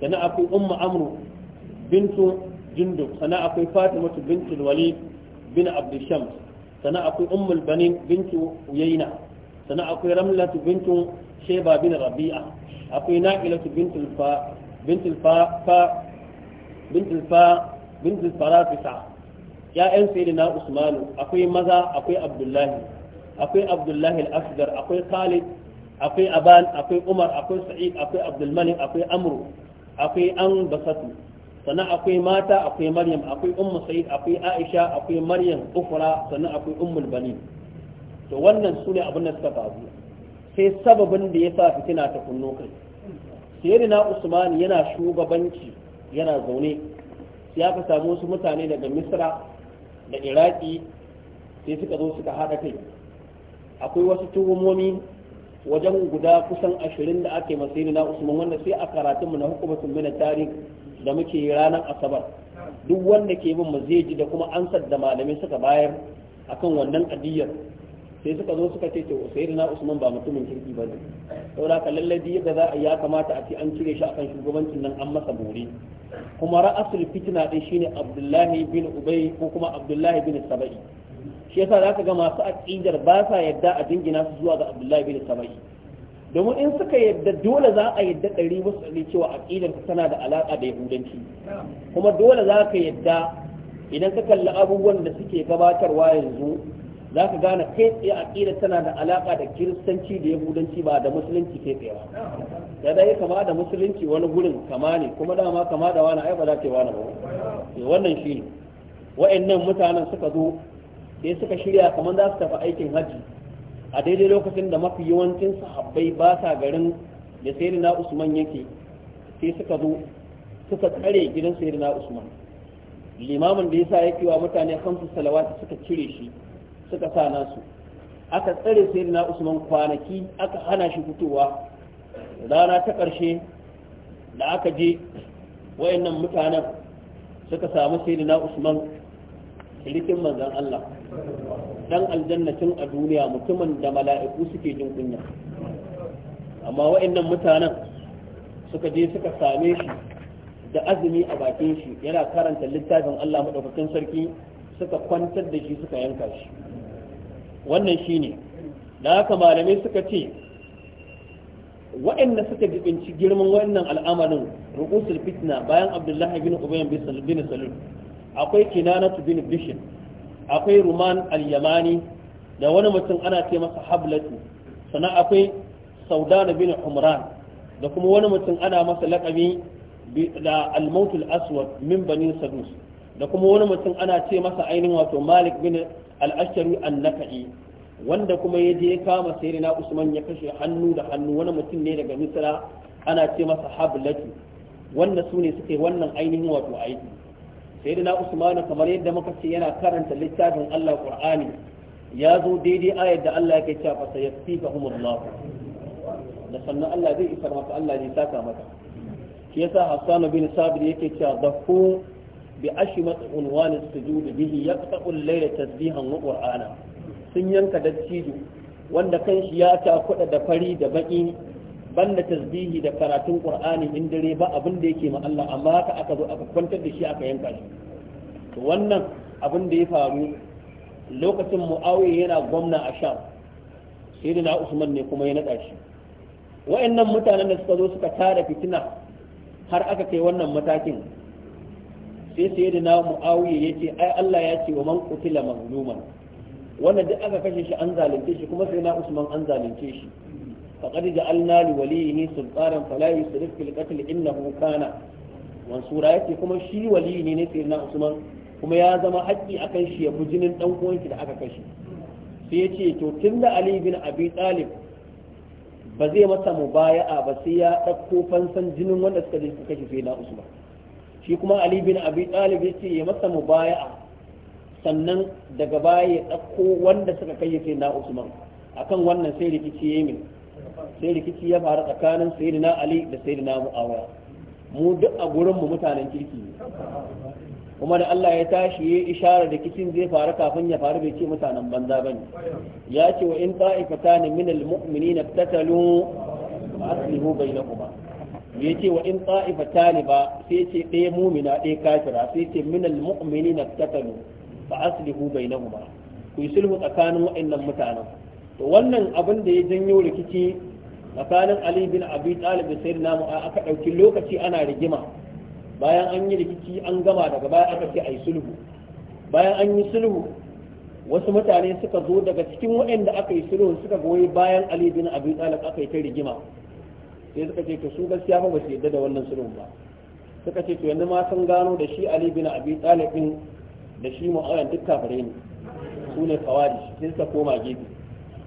sannan akwai umma amru bintu jundub sana akwai fatima bintul walid bin shams sannan akwai ummul banin bintu uyaina sannan akwai ramlatu bintu sheba bin rabi'a akwai naqilatu bintul fa bintul fa fa bintul fa bintul farafisa ya'yan sayyidina usmanu akwai maza akwai abdullahi akwai abdullahi al-asgar akwai khalid akwai aban akwai umar akwai sa'id akwai abdulmalik akwai amru akwai an basatu sannan akwai mata akwai maryam akwai ummu sa'id akwai aisha akwai maryam ukra sannan akwai ummul banin to wannan su ne abin da suka faru sai sababin da ya sa fitina ta kunno kai sayyidina usman yana shugabanci yana zaune ya ka samu wasu mutane daga misra da iraki sai suka zo suka haɗa kai akwai wasu tuhumomi wajen guda kusan ashirin da ake masiri na usman wanda sai a karatunmu na hukumatun mina tarihi da muke ranar asabar duk wanda ke bin mu zai ji da kuma ansar da malamai suka bayar akan wannan kadiyar sai suka zo suka ce to na usman ba mutumin kirki ba ne saboda ka lallabi yadda za a ya kamata a ce an cire shi akan shugabancin nan an masa bore kuma ra'asul fitna din shine abdullahi bin ubay ko kuma abdullahi bin sabai shi yasa zaka ga masu aqidar ba sa yadda a dingina su zuwa ga abdullahi bin sabai domin in suka yadda dole za a yadda ɗari musu ɗari cewa aƙidanka tana da alaƙa da yahudanci kuma dole za ka yadda idan ka kalli abubuwan da suke gabatarwa yanzu za ka gane kai tsaye aƙidar tana da alaƙa da kiristanci da yahudanci ba da musulunci kai tsaye ba ya da ya kama da musulunci wani gurin kama ne kuma dama kama da wani ai ba za ta yi wani ba wannan shi ne wa'annan mutanen suka zo sai suka shirya kamar za su tafi aikin hajji a daidai lokacin da mafi yawancin sahabbai ba sa garin da na usman yake sai suka zo suka tsare gidan na usman limamin da ya sa yake wa mutane kamsu salawati suka cire shi suka sa nasu aka tsare na usman kwanaki aka hana shi fitowa rana ta ƙarshe da aka je wayannan mutanen suka samu na usman shirikin manzon Allah dan aljannatin a duniya mutumin da mala'iku suke jin kunya amma wa'annan mutanen suka je suka same shi da azumi a bakin shi yana karanta littafin Allah madaukakin sarki suka kwantar da shi suka yanka shi wannan shine da haka malamai suka ce wa'anda suka jibinci girman wannan al'amarin rukusul fitna bayan abdullahi bin ubayyan bin salul akwai kinanatu bin bishin akwai ruman al-yamani da wani mutum ana ce masa hablatu sannan akwai saudana bin umran da kuma wani mutum ana masa laƙabi da al aswad min bani sadus da kuma wani mutum ana ce masa ainihin wato malik bin al-ashari an wanda kuma ya je kama sayyidina usman ya kashe hannu da hannu wani mutum ne daga misra ana ce masa hablatu wanda sune ne suke wannan ainihin wato aiki na usman kamar yadda muka ce yana karanta littafin Allah qur'ani ya zo daidai ayar da Allah yake cewa fa sayfihumullah da sannan Allah zai isar maka Allah zai saka maka shi yasa Hassan bin Sabir yake cewa dafu bi matsa unwan su sujud bihi yaqta'u al-layla tasbihan wa qur'ana sun yanka dattijo wanda kanshi ya ta kuɗa da fari da baki banda tasbihi da karatun qur'ani in dare ba abin da yake ma Allah amma haka aka zo aka kwantar da shi aka yanka shi to wannan abin da ya faru lokacin muawiya yana gwamna a sham sayyidina usman ne kuma ya nada shi wayannan mutanen da suka zo suka tara fitina har aka kai wannan matakin sai sayyidina muawiya yace ai Allah ya ce wa man qutila mazluman wannan duk aka kashe shi an zalunce shi kuma sayyidina usman an zalunce shi faqad ja'alna li waliyhi sultanan fala yusrif fil qatl innahu kana mansura yake kuma shi waliyi ne ne sayyidina usman kuma ya zama haƙƙi akan shi ya fi jinin dan da aka kashe sai ya ce to tunda ali bin abi talib ba zai masa mubaya'a ba sai ya ɗauko fansan jinin wanda suka je suka kashe sayyidina usman shi kuma ali bin abi talib ya ce ya masa mubaya'a sannan daga baya ya ɗauko wanda suka kai sai na usman akan wannan sai rikici ya min sai rikici ya faru tsakanin sayyidina ali da sayyidina muawiya mu duk a gurin mu mutanen kirki ne kuma da Allah ya tashi ya ishara da kicin zai faru kafin ya faru bai ce mutanen banza ba ne ya ce wa in ta'ifatan min al-mu'minin iftatalu aslihu bainahuma ya ce wa in ta'ifatan ba sai ce ɗaya mumina ɗaya kafira sai ce min al-mu'minin iftatalu fa aslihu bainahuma ku yi sulhu tsakanin wa'annan mutanen to wannan abin da ya janyo rikici tsakanin ali bin abi talib da sayyidina mu'awiya aka dauki lokaci ana rigima bayan an yi rikici an gama daga baya aka ce ai sulhu bayan an yi sulhu wasu mutane suka zo daga cikin waɗanda aka yi sulhu suka goyi bayan ali bin abi talib aka yi ta rigima sai suka ce to su gaskiya ba su yadda da wannan sulhu ba suka ce to yanzu ma sun gano da shi ali bin abi talib din da shi mu'awiya duk kafare ne su ne kawari sai suka koma gidi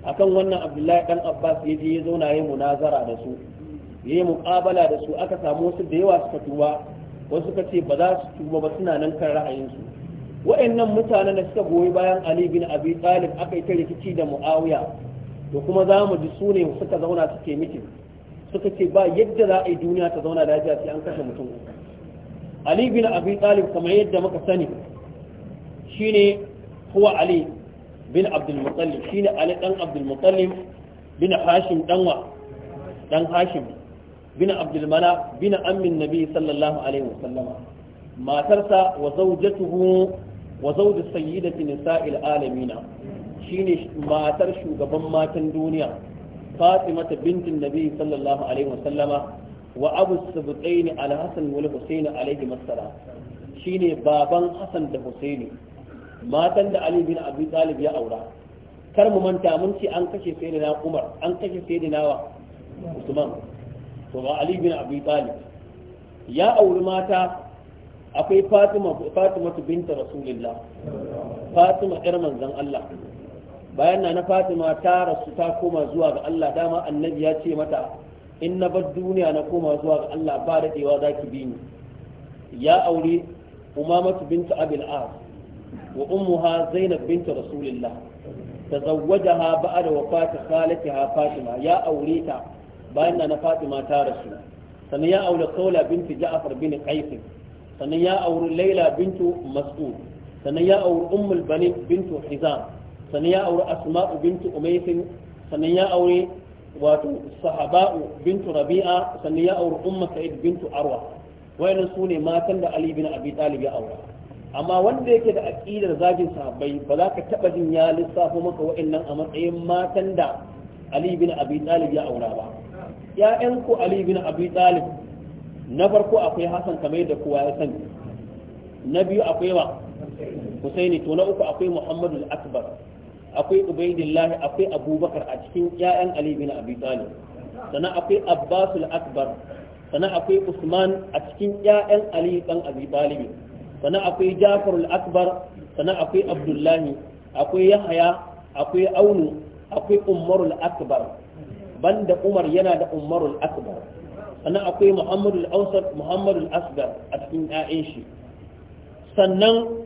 akan wannan abdullahi dan abbas ya je ya zauna ya munazara da su ya yi muƙabala da su aka samu wasu da yawa suka tuba wasu suka ce ba za su tuba ba suna nan kan ra'ayin su wa'annan mutanen da suka goyi bayan ali bin abi talib aka yi ta rikici da muawiya to kuma za mu ji su suka zauna suke mitin suka ce ba yadda za a yi duniya ta zauna lafiya sai an kashe mutum ali bin abi talib kamar yadda muka sani shine huwa ali bin abdul shi ne ali dan abdul muttalib bin hashim danwa dan hashim bin abdulmana bin ammin nabi sallallahu alaihi wasallama matarsa wa zawjatuhu wa sayyidati nisa'il alamina shine matar shugaban matan duniya فاطمة بنت النبي صلى الله عليه وسلم وأبو السبتين على حسن والحسين عليهما السلام شيني بابا حسن ده matan da Ali bin Abi Talib ya aura kar mu manta mun ce an kashe na Umar an kashe sayyidina wa Usman to ga Ali bin Abi Talib ya auri mata akwai Fatima Fatima binta Rasulullah Fatima ƴar manzon Allah bayan na na Fatima ta rasu ta koma zuwa ga Allah dama annabi ya ce mata in na bar duniya na koma zuwa ga Allah ba daɗewa za ki bi ni ya aure umamatu binta abil as wa ummuha zainab binta rasulillah tazawwajaha ba'da wafati khalatiha fatima ya aure ta bayan na fatima ta rasu sannan ya aure kaula binti ja'far bin qais sannan ya aure laila bintu mas'ud sannan ya aure ummul banin bintu hizam sannan ya aure asma'u bintu umayth sannan ya aure wato bintu rabi'a sannan ya aure ummu sa'id bintu arwa wayannan sune matan da ali bin ya aura amma wanda yake da aqidar zagin sahabbai ba za ka taɓa jin ya lissafo maka wa'annan a matsayin matan da Ali bin Abi Talib ya aura ba ƴaƴan ku Ali bin Abi Talib na farko akwai Hassan kamar yadda kowa ya sani na biyu akwai wa Husaini to na uku akwai Muhammadu Akbar akwai Ubaydillah akwai Abubakar a cikin ƴaƴan Ali bin Abi Talib sannan akwai Abbasul Akbar sannan akwai Usman a cikin ƴaƴan Ali dan Abi Talib sannan akwai jafar al-akbar sannan akwai abdullahi akwai yahaya akwai aunu akwai umarul akbar banda umar yana da umarul akbar sannan akwai muhammadu al muhammadu al-asgar a cikin 'ya'yan shi sannan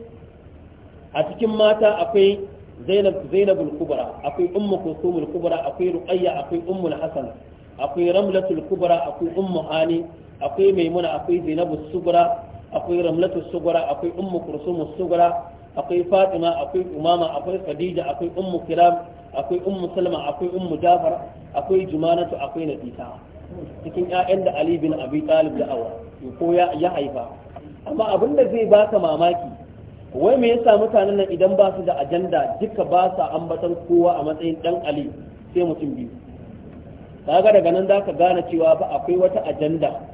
a cikin mata akwai zainab zainabul kubra akwai ummu al kubra akwai ruqayya akwai al hasan akwai ramlatul kubra akwai ummu hani akwai maimuna akwai al sugra akwai ramlatu sugura akwai ummu kursumu sugura akwai fatima akwai umama akwai khadija akwai ummu kiram akwai ummu salma akwai ummu jafar akwai jumanatu akwai nafisa cikin ƴaƴan da ali bin abi talib da awa ko ya haifa amma abin da zai baka mamaki wai me yasa mutanen nan idan ba su da ajanda duka ba sa ambatan kowa a matsayin dan ali sai mutum biyu kaga daga nan zaka gane cewa ba akwai wata ajanda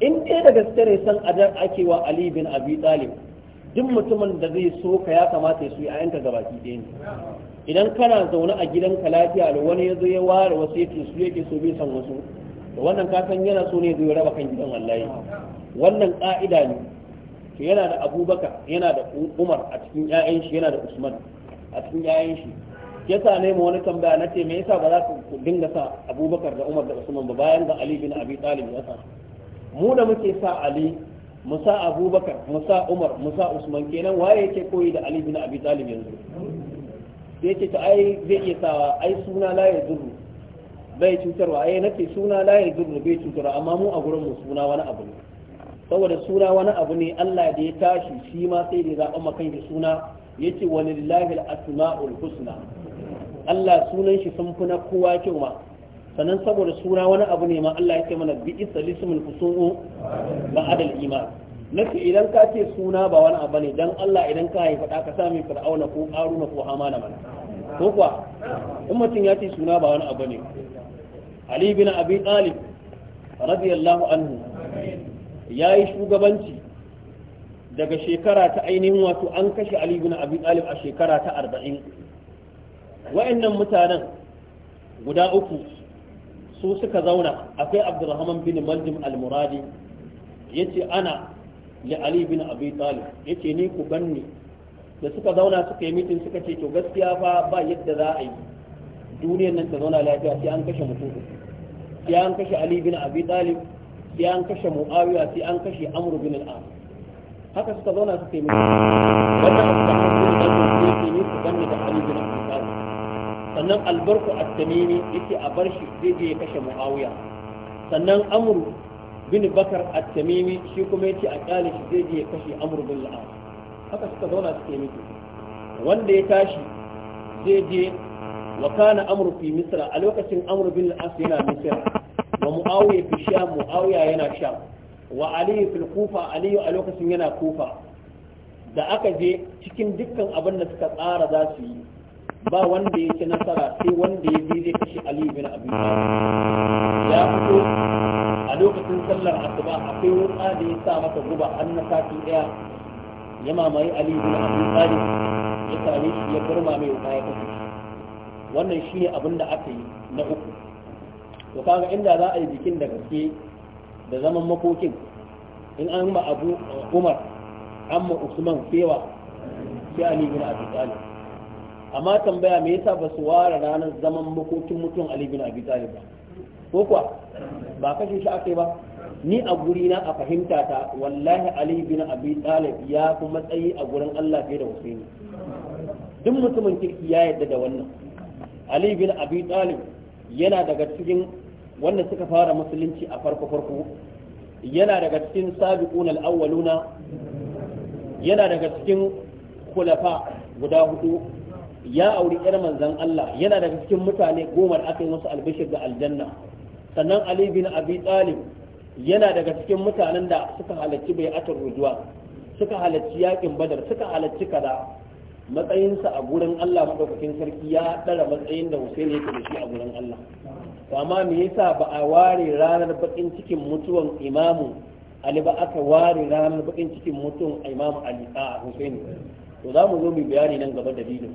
in ɗaya da gaske ne san adar ake wa Ali bin Abi Talib duk mutumin da zai so ka ya kamata ya so ayanka yanka gabaki ɗaya ne idan kana zaune a gidanka lafiya da wani ya zo ya ware wasu yake su yake so bai san wasu da wannan ka san yana so ne zai raba kan gidan wallahi wannan ƙa'ida ne to yana da Abubakar yana da Umar a cikin ƴaƴan shi yana da Usman a cikin ƴaƴan shi yasa ne mu wani tambaya na ce me yasa ba za ku dinga sa Abubakar da Umar da Usman ba bayan da Ali bin Abi Talib ya sa mu da muke sa ali mu sa abubakar mu sa umar mu sa usman kenan waye yake koyi da ali bin abi talib yanzu sai ce ta ai zai iya sawa ai suna la ya bai cutarwa ai nake suna la ya bai cutarwa amma mu a gurin mu suna wani abu ne saboda suna wani abu ne Allah da ya tashi shi ma sai da zaɓa makan da suna ya yace walillahi al-asma'ul husna Allah sunan shi sun fi na kowa kyau ma sannan saboda suna wani abu ne ma Allah yake mana bi isa lismul fusu'u ba adal iman nace idan ka ce suna ba wani abu ne dan Allah idan ka haifa da ka sami fir'auna ko qaruna ko hamana mana ko kuwa in mutum ya ce suna ba wani abu ne ali bin abi talib radiyallahu anhu yayi shugabanci daga shekara ta ainihin wato an kashe Ali bin Abi Talib a shekara ta arba'in wa'annan mutanen guda uku su suka zauna akwai abdurrahman bin maljim al-muradi Ya ce ana li ali bin abi talib ce ni ku ganni da suka zauna suka yi mitin suka ce to gaskiya fa ba yadda za a yi duniyar nan ta zauna lafiya sai an kashe mutum sai an kashe ali bin abi talib sai an kashe muawiya sai an kashe amr bin al-as haka suka zauna suka yi mitin wannan abdurrahman bin maljim yace ni ku ganni da ali bin abi sannan albarku at-tamimi ce a bar shi zai je ya kashe muawiya sannan Amur bin bakar at-tamimi shi kuma ce a kyale shi zai je ya kashe amru bin haka suka zauna suke miki wanda ya tashi zai je wa kana amru fi misra a lokacin amru bin yana misra wa muawiya fi sha muawiya yana sha. wa Aliyu fil kufa a lokacin yana kufa da aka je cikin dukkan abin da suka tsara za su yi ba wanda ya ci nasara sai wanda ya bi zai kashe aliyu bin abu ya fito a lokacin sallar asuba akwai wuka da ya sa masa guba an na sati daya ya mamaye aliyu bin Abi talib ya same shi ya burma mai wuka ya kashe wannan shi ne abin da aka yi na uku to kaga inda za a yi bikin da gaske da zaman makokin in an ma abu umar amma usman fewa sai aliyu bin Abi talib amma tambaya me yasa ba su ware ranar zaman makokin mutum Ali bin Abi Talib ba ko kuwa ba kashe shi akai ba ni a guri na a fahimta ta wallahi Ali bin Abi Talib ya fi matsayi a gurin Allah fiye da Husaini duk mutumin kirki ya yarda da wannan Ali bin Abi Talib yana daga cikin wanda suka fara musulunci a farko farko yana daga cikin sabiqun al-awwaluna yana daga cikin kulafa guda hudu ya auri yar manzan Allah yana daga cikin mutane goma da aka yi musu albishir da aljanna sannan Ali bin Abi Talib yana daga cikin mutanen da suka halarci bai atar rujuwa suka halarci yakin badar suka halarci kaza matsayinsa a gurin Allah madaukakin sarki ya dara matsayin da Hussein yake da shi a gurin Allah to amma me yasa ba a ware ranar bakin cikin mutuwan imamu Ali ba aka ware ranar bakin cikin mutuwan imamu Ali a Hussein to za mu zo mu bayani nan gaba da dalilin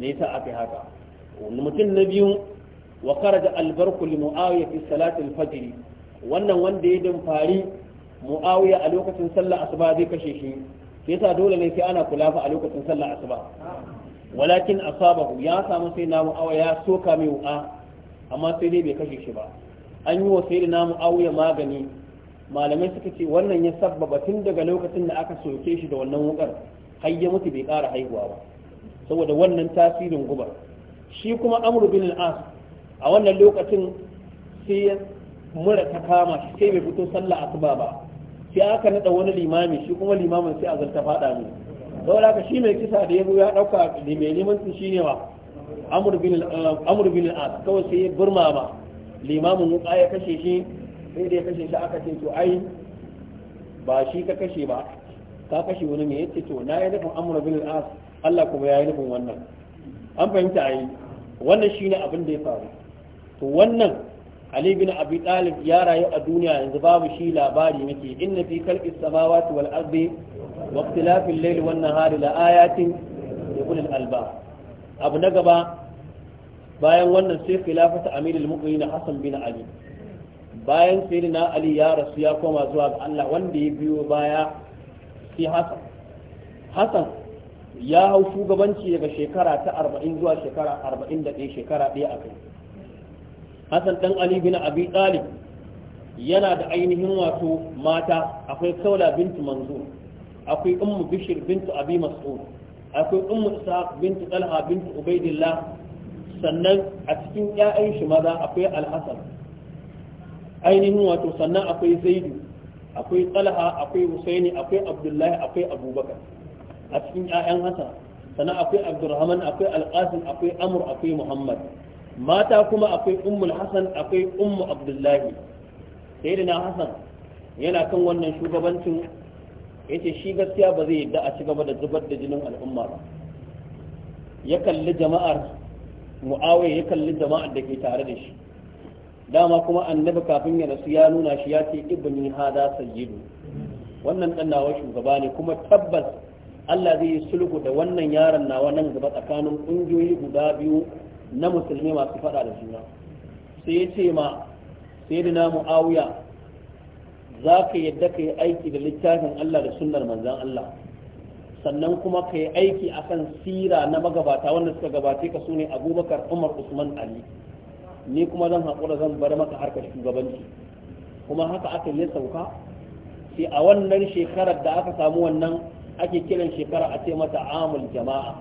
ne a aka haka mutum na biyu wa kharaja albarku li muawiya fi salati fajiri wannan wanda ya dimfari muawiya a lokacin sallar asuba zai kashe shi yasa dole ne sai ana kula fa a lokacin sallar asuba walakin asabahu ya samu sai na muawiya ya soka mai wu'a amma sai dai bai kashe shi ba an yi wa sai da namu auya magani malamai suka ce wannan ya sabbaba tun daga lokacin da aka soke shi da wannan wukar har ya mutu bai ƙara haihuwa ba saboda wannan tasirin guba shi kuma amur bin al-as a wannan lokacin sai mura ta kama shi sai bai fito sallah asuba ba sai aka nada wani limami shi kuma limamin sai azar ta fada mu saboda haka shi mai kisa da yazo ya dauka mai limancin shine ba amur bin eh, amru al-as kawai sai ya burma ba limamin wuka ya kashe shi sai da ya kashe shi aka ce to ai ba shi ka kashe ba ka kashe wani mai yace to na yi nufin amur bin al-as Allah kuma ya yi nufin wannan an fahimta a yi wannan shi ne abin da ya faru to wannan Ali bin Abi Talib ya rayu a duniya yanzu babu shi labari nake inna fi khalqis samawati wal ardi wa ikhtilafil layli wan nahari la ayatin li ulil alba abu na gaba bayan wannan sai khilafatu amirul mu'minin Hassan bin Ali bayan na Ali ya rasu ya koma zuwa ga Allah wanda ya biyo baya sai Hassan ya hau shugabanci daga shekara ta arba'in zuwa shekara arba'in da ɗaya shekara ɗaya a kai hassan ɗan ali bin abi ɗalib yana da ainihin wato mata akwai saula bintu manzo akwai ummu bishir bintu abi mas'ud akwai ummu isa bintu talha bintu ubaidillah sannan a cikin ƴaƴan shi maza akwai Alhassan. ainihin wato sannan akwai zaidu akwai talha akwai husaini akwai abdullahi akwai abubakar a cikin 'ya'yan Hassan sannan akwai Abdurrahman akwai Alqasim akwai Amr akwai Muhammad mata kuma akwai Ummul Hassan akwai Ummu Abdullahi na Hassan yana kan wannan shugabancin yace shi gaskiya ba zai yadda a ci gaba da zubar da jinin al'umma ba ya kalli jama'ar mu'awai, ya kalli jama'ar da ke tare da shi dama kuma annabi kafin ya rasu, ya nuna shi ya ce ibni hada sayyidu wannan dan nawa shugaba ne kuma tabbas Allah zai yi sulhu da wannan yaron nawa nan gaba tsakanin ƙungiyoyi guda biyu na musulmi masu faɗa da juna sai ya ce ma sai da namu awuya za ka yadda ka yi aiki da littafin Allah da sunnar manzan Allah sannan kuma ka yi aiki akan sira na magabata wanda suka gabace ka sune abubakar umar usman ali ni kuma zan haƙura zan bar maka harkar shugabanci kuma haka aka yi sauka sai a wannan shekarar da aka samu wannan ake kiran shekara a ce mata amul jama'a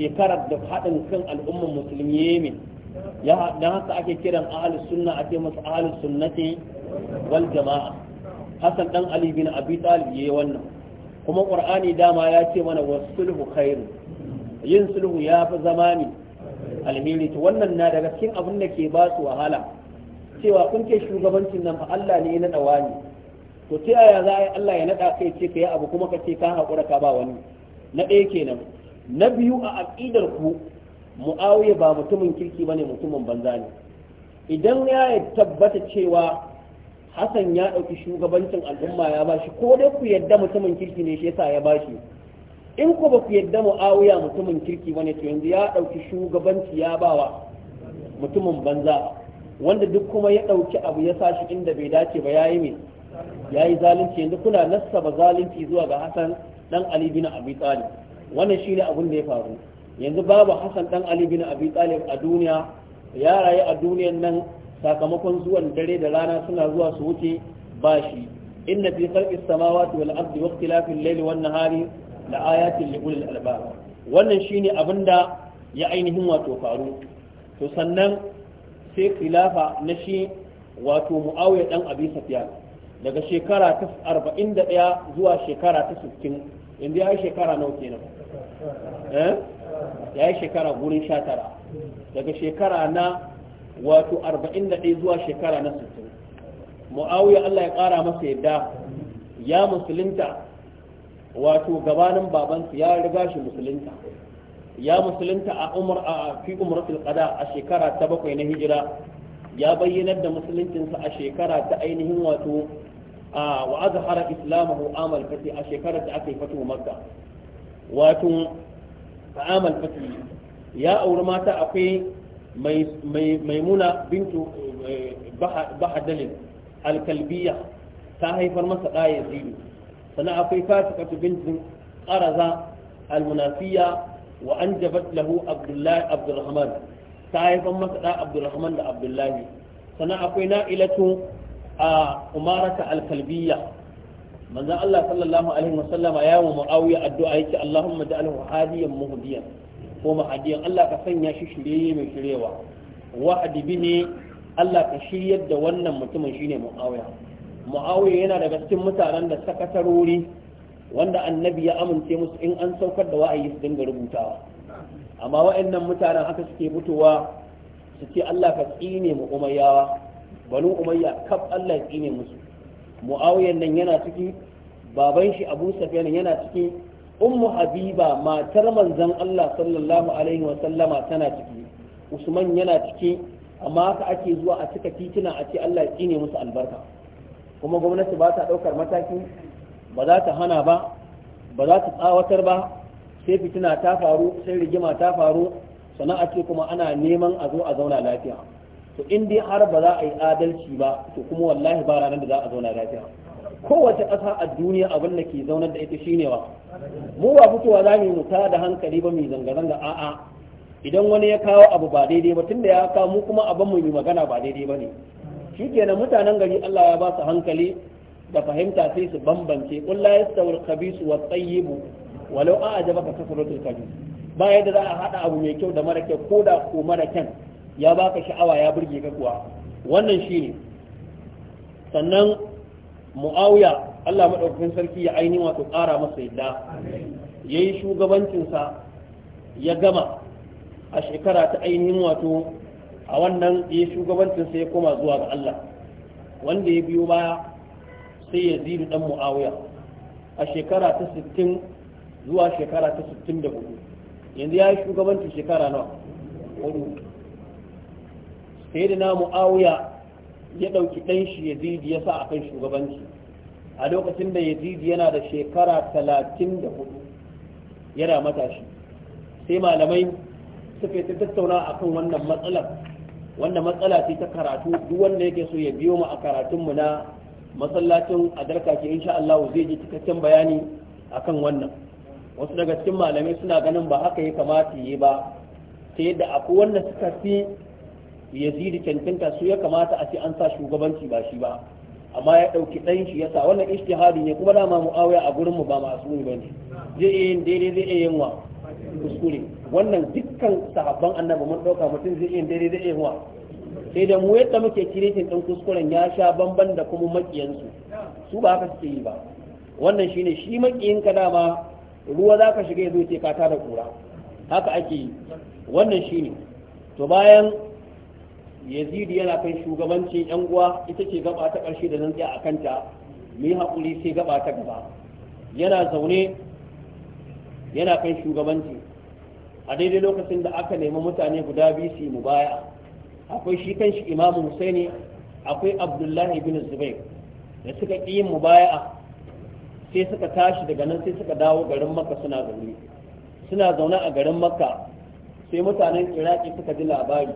shekarar da haɗin kan al'ummar musulmi yemen ya haka ake kiran ahlus sunna ake masa ahlus sunnati wal jama'a hasan dan ali bin abi talib yi wannan kuma qur'ani dama ya ce mana wasulhu khairu yin sulhu ya fi zama ne alheri to wannan na daga cikin abin da ke ba su wahala cewa kun ke shugabancin nan fa Allah ne na dawani to ta yaya za a yi Allah ya naɗa kai ce ka yi abu kuma ka ce ka haƙura ka ba wani na ɗaya kenan na biyu a aƙidar ku mu'awiya ba mutumin kirki ba ne mutumin banza ne idan ya tabbata cewa Hassan ya ɗauki shugabancin al'umma ya bashi ko dai ku yadda mutumin kirki ne shi yasa ya bashi in ku ba ku yadda mu'awiya mutumin kirki bane to yanzu ya ɗauki shugabanci ya bawa mutumin banza wanda duk kuma ya ɗauki abu ya sa shi inda bai dace ba ya yi mai ya yi zalunci yanzu kuna nassaba zalunci zuwa ga Hassan dan Ali bin Abi Talib wannan shine abin da ya faru yanzu babu Hassan dan Ali bin Abi Talib a duniya ya rayu a duniyan nan sakamakon zuwan dare da rana suna zuwa su wuce ba shi inna fi khalqis samawati wal ardi wa ikhtilafil layli wan nahari la ayatin li ulil albab wannan shine abinda ya ainihin wato faru to sannan sai khilafa na shi wato Muawiya dan Abi Sufyan daga shekara ta arba'in da ɗaya zuwa shekara ta sittin inda ya yi shekara nawa kenan eh? ya yi shekara gurin sha tara daga shekara na wato arba'in da ɗaya zuwa shekara na sittin mu'awiya allah ya ƙara masa yadda ya musulunta wato gabanin babansu, ya riga shi musulunta ya musulunta a umar a fi umar qada a shekara ta bakwai na hijira ya bayyanar da musuluncinsa a shekara ta ainihin wato wa azhara islamahu amal fati a shekarar da aka yi fatu makka wato amal fati ya auri mata akwai maimuna bintu eh, bahadalin alkalbiya ta haifar masa ɗaya zidu sannan akwai fasikatu bintu ƙaraza almunafiya wa an lahu abdullahi abdulrahman ta haifan masa da da abdullahi sannan akwai na'ilatu a umarata alkalbiya manzan Allah sallallahu alaihi wasallama ya wa muawiya addu'a yake Allahumma ja'alhu hadiyan muhdiyan ko mahadiyan Allah ka sanya shi shirye mai shirewa wa'adi ne Allah ka shiryar da wannan mutumin shine muawiya muawiya yana daga cikin mutanen da sakatarori wanda annabi ya amince musu in an saukar da wa'ayi su dinga rubutawa amma waɗannan mutanen haka suke mutuwa su ce Allah ka tsine mu umayyawa banu umayya kaf Allah ya tsine musu muawiyan nan yana ciki baban shi Abu nan yana ciki ummu Habiba matar manzon Allah sallallahu alaihi wa sallama tana ciki Usman yana ciki amma haka ake zuwa a cika titina a ce Allah ya tsine musu albarka kuma gwamnati ba ta daukar mataki ba za ta hana ba ba za ta tsawatar ba sai fitina ta faru sai rigima ta faru sannan a ce kuma ana neman a zo a zauna lafiya to in dai har ba za a yi adalci ba to kuma wallahi ba ranar da za a zauna lafiya kowace ƙasa a duniya abin da ke zaunar da ita shine wa mu ba fitowa za mu muta da hankali ba mu zanga-zanga a'a idan wani ya kawo abu ba daidai ba tunda ya kawo mu kuma abin mu yi magana ba daidai ba ne shikenan mutanen gari Allah ya ba su hankali da fahimta sai su bambance qul khabisu wat tayyibu walau a baka kasa kasaratul kafir ba yadda za a haɗa abu mai kyau da mara kyau ko da ko mara kyan ya baka sha'awa ya burge ka kuwa wannan shi ne sannan muawiya Allah maɗaukakin sarki ya ainihin wato ƙara masa yadda ya yi shugabancinsa ya gama a shekara ta ainihin wato a wannan ya shugabancinsa ya koma zuwa ga Allah wanda ya biyo baya sai ya zidu ɗan muawiya a shekara ta 60 zuwa shekara ta 64 yanzu ya yi shugabanci shekara nawa hudu sai da na mu'awiya ya ɗauki ɗan shi yazidi ya sa a kan shugabanci a lokacin da yazidi yana da shekara 34 yana matashi sai malamai suka yi tattauna a kan wannan matsalar wanda matsala ce ta karatu duk wanda yake so ya biyo mu a karatunmu na masallacin adarka ke insha Allah zai ji cikakken bayani akan wannan wasu daga cikin malamai suna ganin ba haka ya kamata yi ba ta yadda akwai wanda suka fi zidi cancanta su ya kamata a ce an sa shugabanci ba shi ba amma ya ɗauki ɗan shi sa wannan ishtihadi ne kuma dama mu'awiya a gurin mu ba masu ne bane zai iya yin daidai zai iya yin wa kuskure wannan dukkan sahabban annabi mun ɗauka mutum zai iya yin daidai zai iya yin wa sai da mu yadda muke kiretin ɗan kuskuren ya sha bamban da kuma maƙiyansu su ba haka suke yi ba wannan shine shi maƙiyinka ka dama ruwa za ka shiga ya zo ka tara kura haka ake yi wannan shi ne to bayan yazidu yana kan shugabancin yan uwa ita ce gaba ta ƙarshe da nan a kanta mu haƙuri sai gaba ta gaba yana zaune yana kan shugabanci a daidai lokacin da aka nemi mutane guda biyu su mu baya akwai shi kan shi imamu husaini akwai abdullahi bin zubair da suka ƙi yin mubaya'a sai suka tashi daga nan sai suka dawo garin makka suna zaune suna zaune a garin makka sai mutanen iraki suka ji labari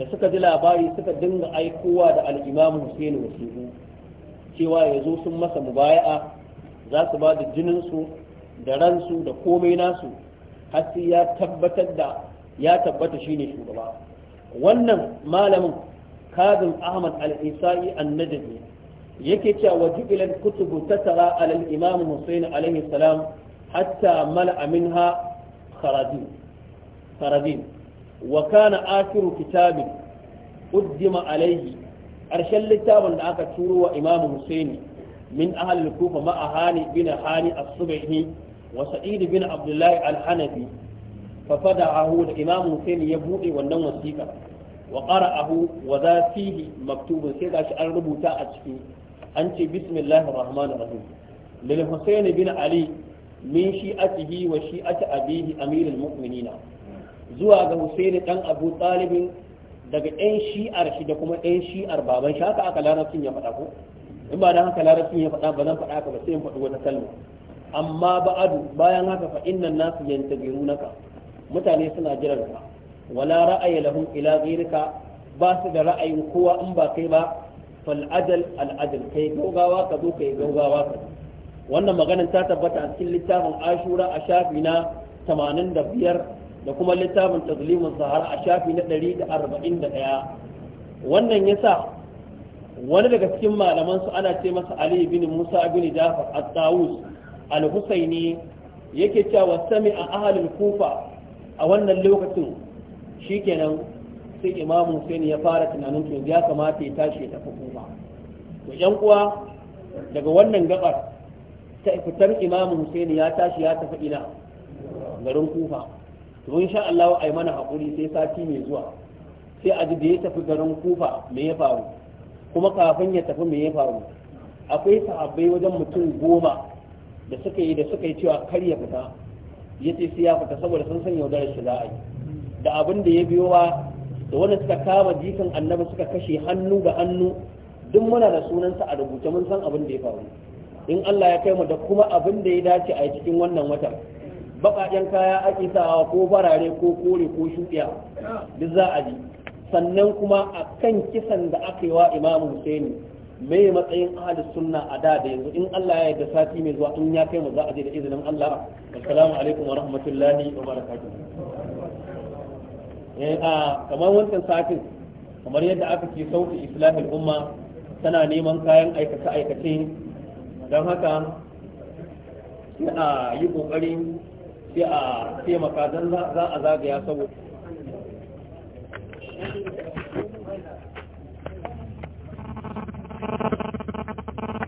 da suka ji labari suka dinga aikowa da al'imamu hussein wasiƙu cewa ya sun masa mubaya'a za su ba da jininsu da ransu da komai nasu har sai ya tabbatar da ya tabbata shine shugaba wannan malamin kazin ahmad al-isai an yake cewa wajibilan kutubu tasara alal imam Hussein alaihi salam hatta mala'a minha kharadin kharadin wa kana akhiru kitabin uddima alaihi arshen littafin da aka turo wa imam Hussein min ahli al-kufa ma'a hani bin hani as-subhi wa sa'id bin abdullah al-hanafi fa fada'ahu da imam Hussein ya bude wannan wasiƙa wa qara'ahu wa za fihi maktubun sai gashi an rubuta a ciki an ce bismillahir rahmanir rahim lil husayn bin ali min shi'atihi wa shi'ati abihi amirul mu'minina zuwa ga husayn dan abu talibin daga ɗan shi'ar shi da kuma ɗan shi'ar baban shi haka aka larabcin ya faɗa ko in ba dan haka larabcin ya faɗa ba zan faɗa haka ba sai in faɗi wata kalma amma ba'adu bayan haka fa innan nasu yantabirunaka mutane suna jiran ka wala ra'ayi lahum ila ghayrika ba su da ra'ayin kowa in ba kai ba fal ajal al ajal gaugawa ka gaugawa ka wannan maganin ta tabbata a cikin littafin ashura a shafi na 85 da kuma littafin tazlimin sahara a shafi na 141 wannan yasa wani daga cikin malaman su ana ce masa Ali bin Musa bin Jafar at-Tawus al-Husaini yake cewa sami a ahalin kufa a wannan lokacin shikenan sai imamu Hussein ya fara tunanin to ya kamata ya tashi ya tafi kuma to yan uwa daga wannan gabar ta fitar imamu Hussein ya tashi ya tafi ina garin kufa to insha Allah ai mana hakuri sai sati mai zuwa sai a ji da ya tafi garin kufa me ya faru kuma kafin ya tafi me ya faru akwai sahabbai wajen mutum goma da suka yi da suka yi cewa kar ya fita ya ce sai ya fita saboda sun san yaudarar shi za yi da abin da ya biyo wa da wanda suka kama jikan annabi suka kashe hannu ga hannu duk muna da sunansa a rubuce mun san abin da ya faru in Allah ya kai mu da kuma abin da ya dace a cikin wannan watan baƙaƙen kaya ake sawa ko farare ko kore ko shuɗiya duk za a ji sannan kuma a kan kisan da aka yi wa imamu husaini mai matsayin ahli sunna a da da yanzu in Allah ya yarda sati mai zuwa in ya kai mu za a je da izinin Allah assalamu alaikum wa rahmatullahi wa barakatuh Eh, a kamar wancan satin kamar yadda aka ke sauti islahil umma tana neman kayan aikace aikace don haka sai a yi kokari sai a taimaka don za a zagaya saboda Thank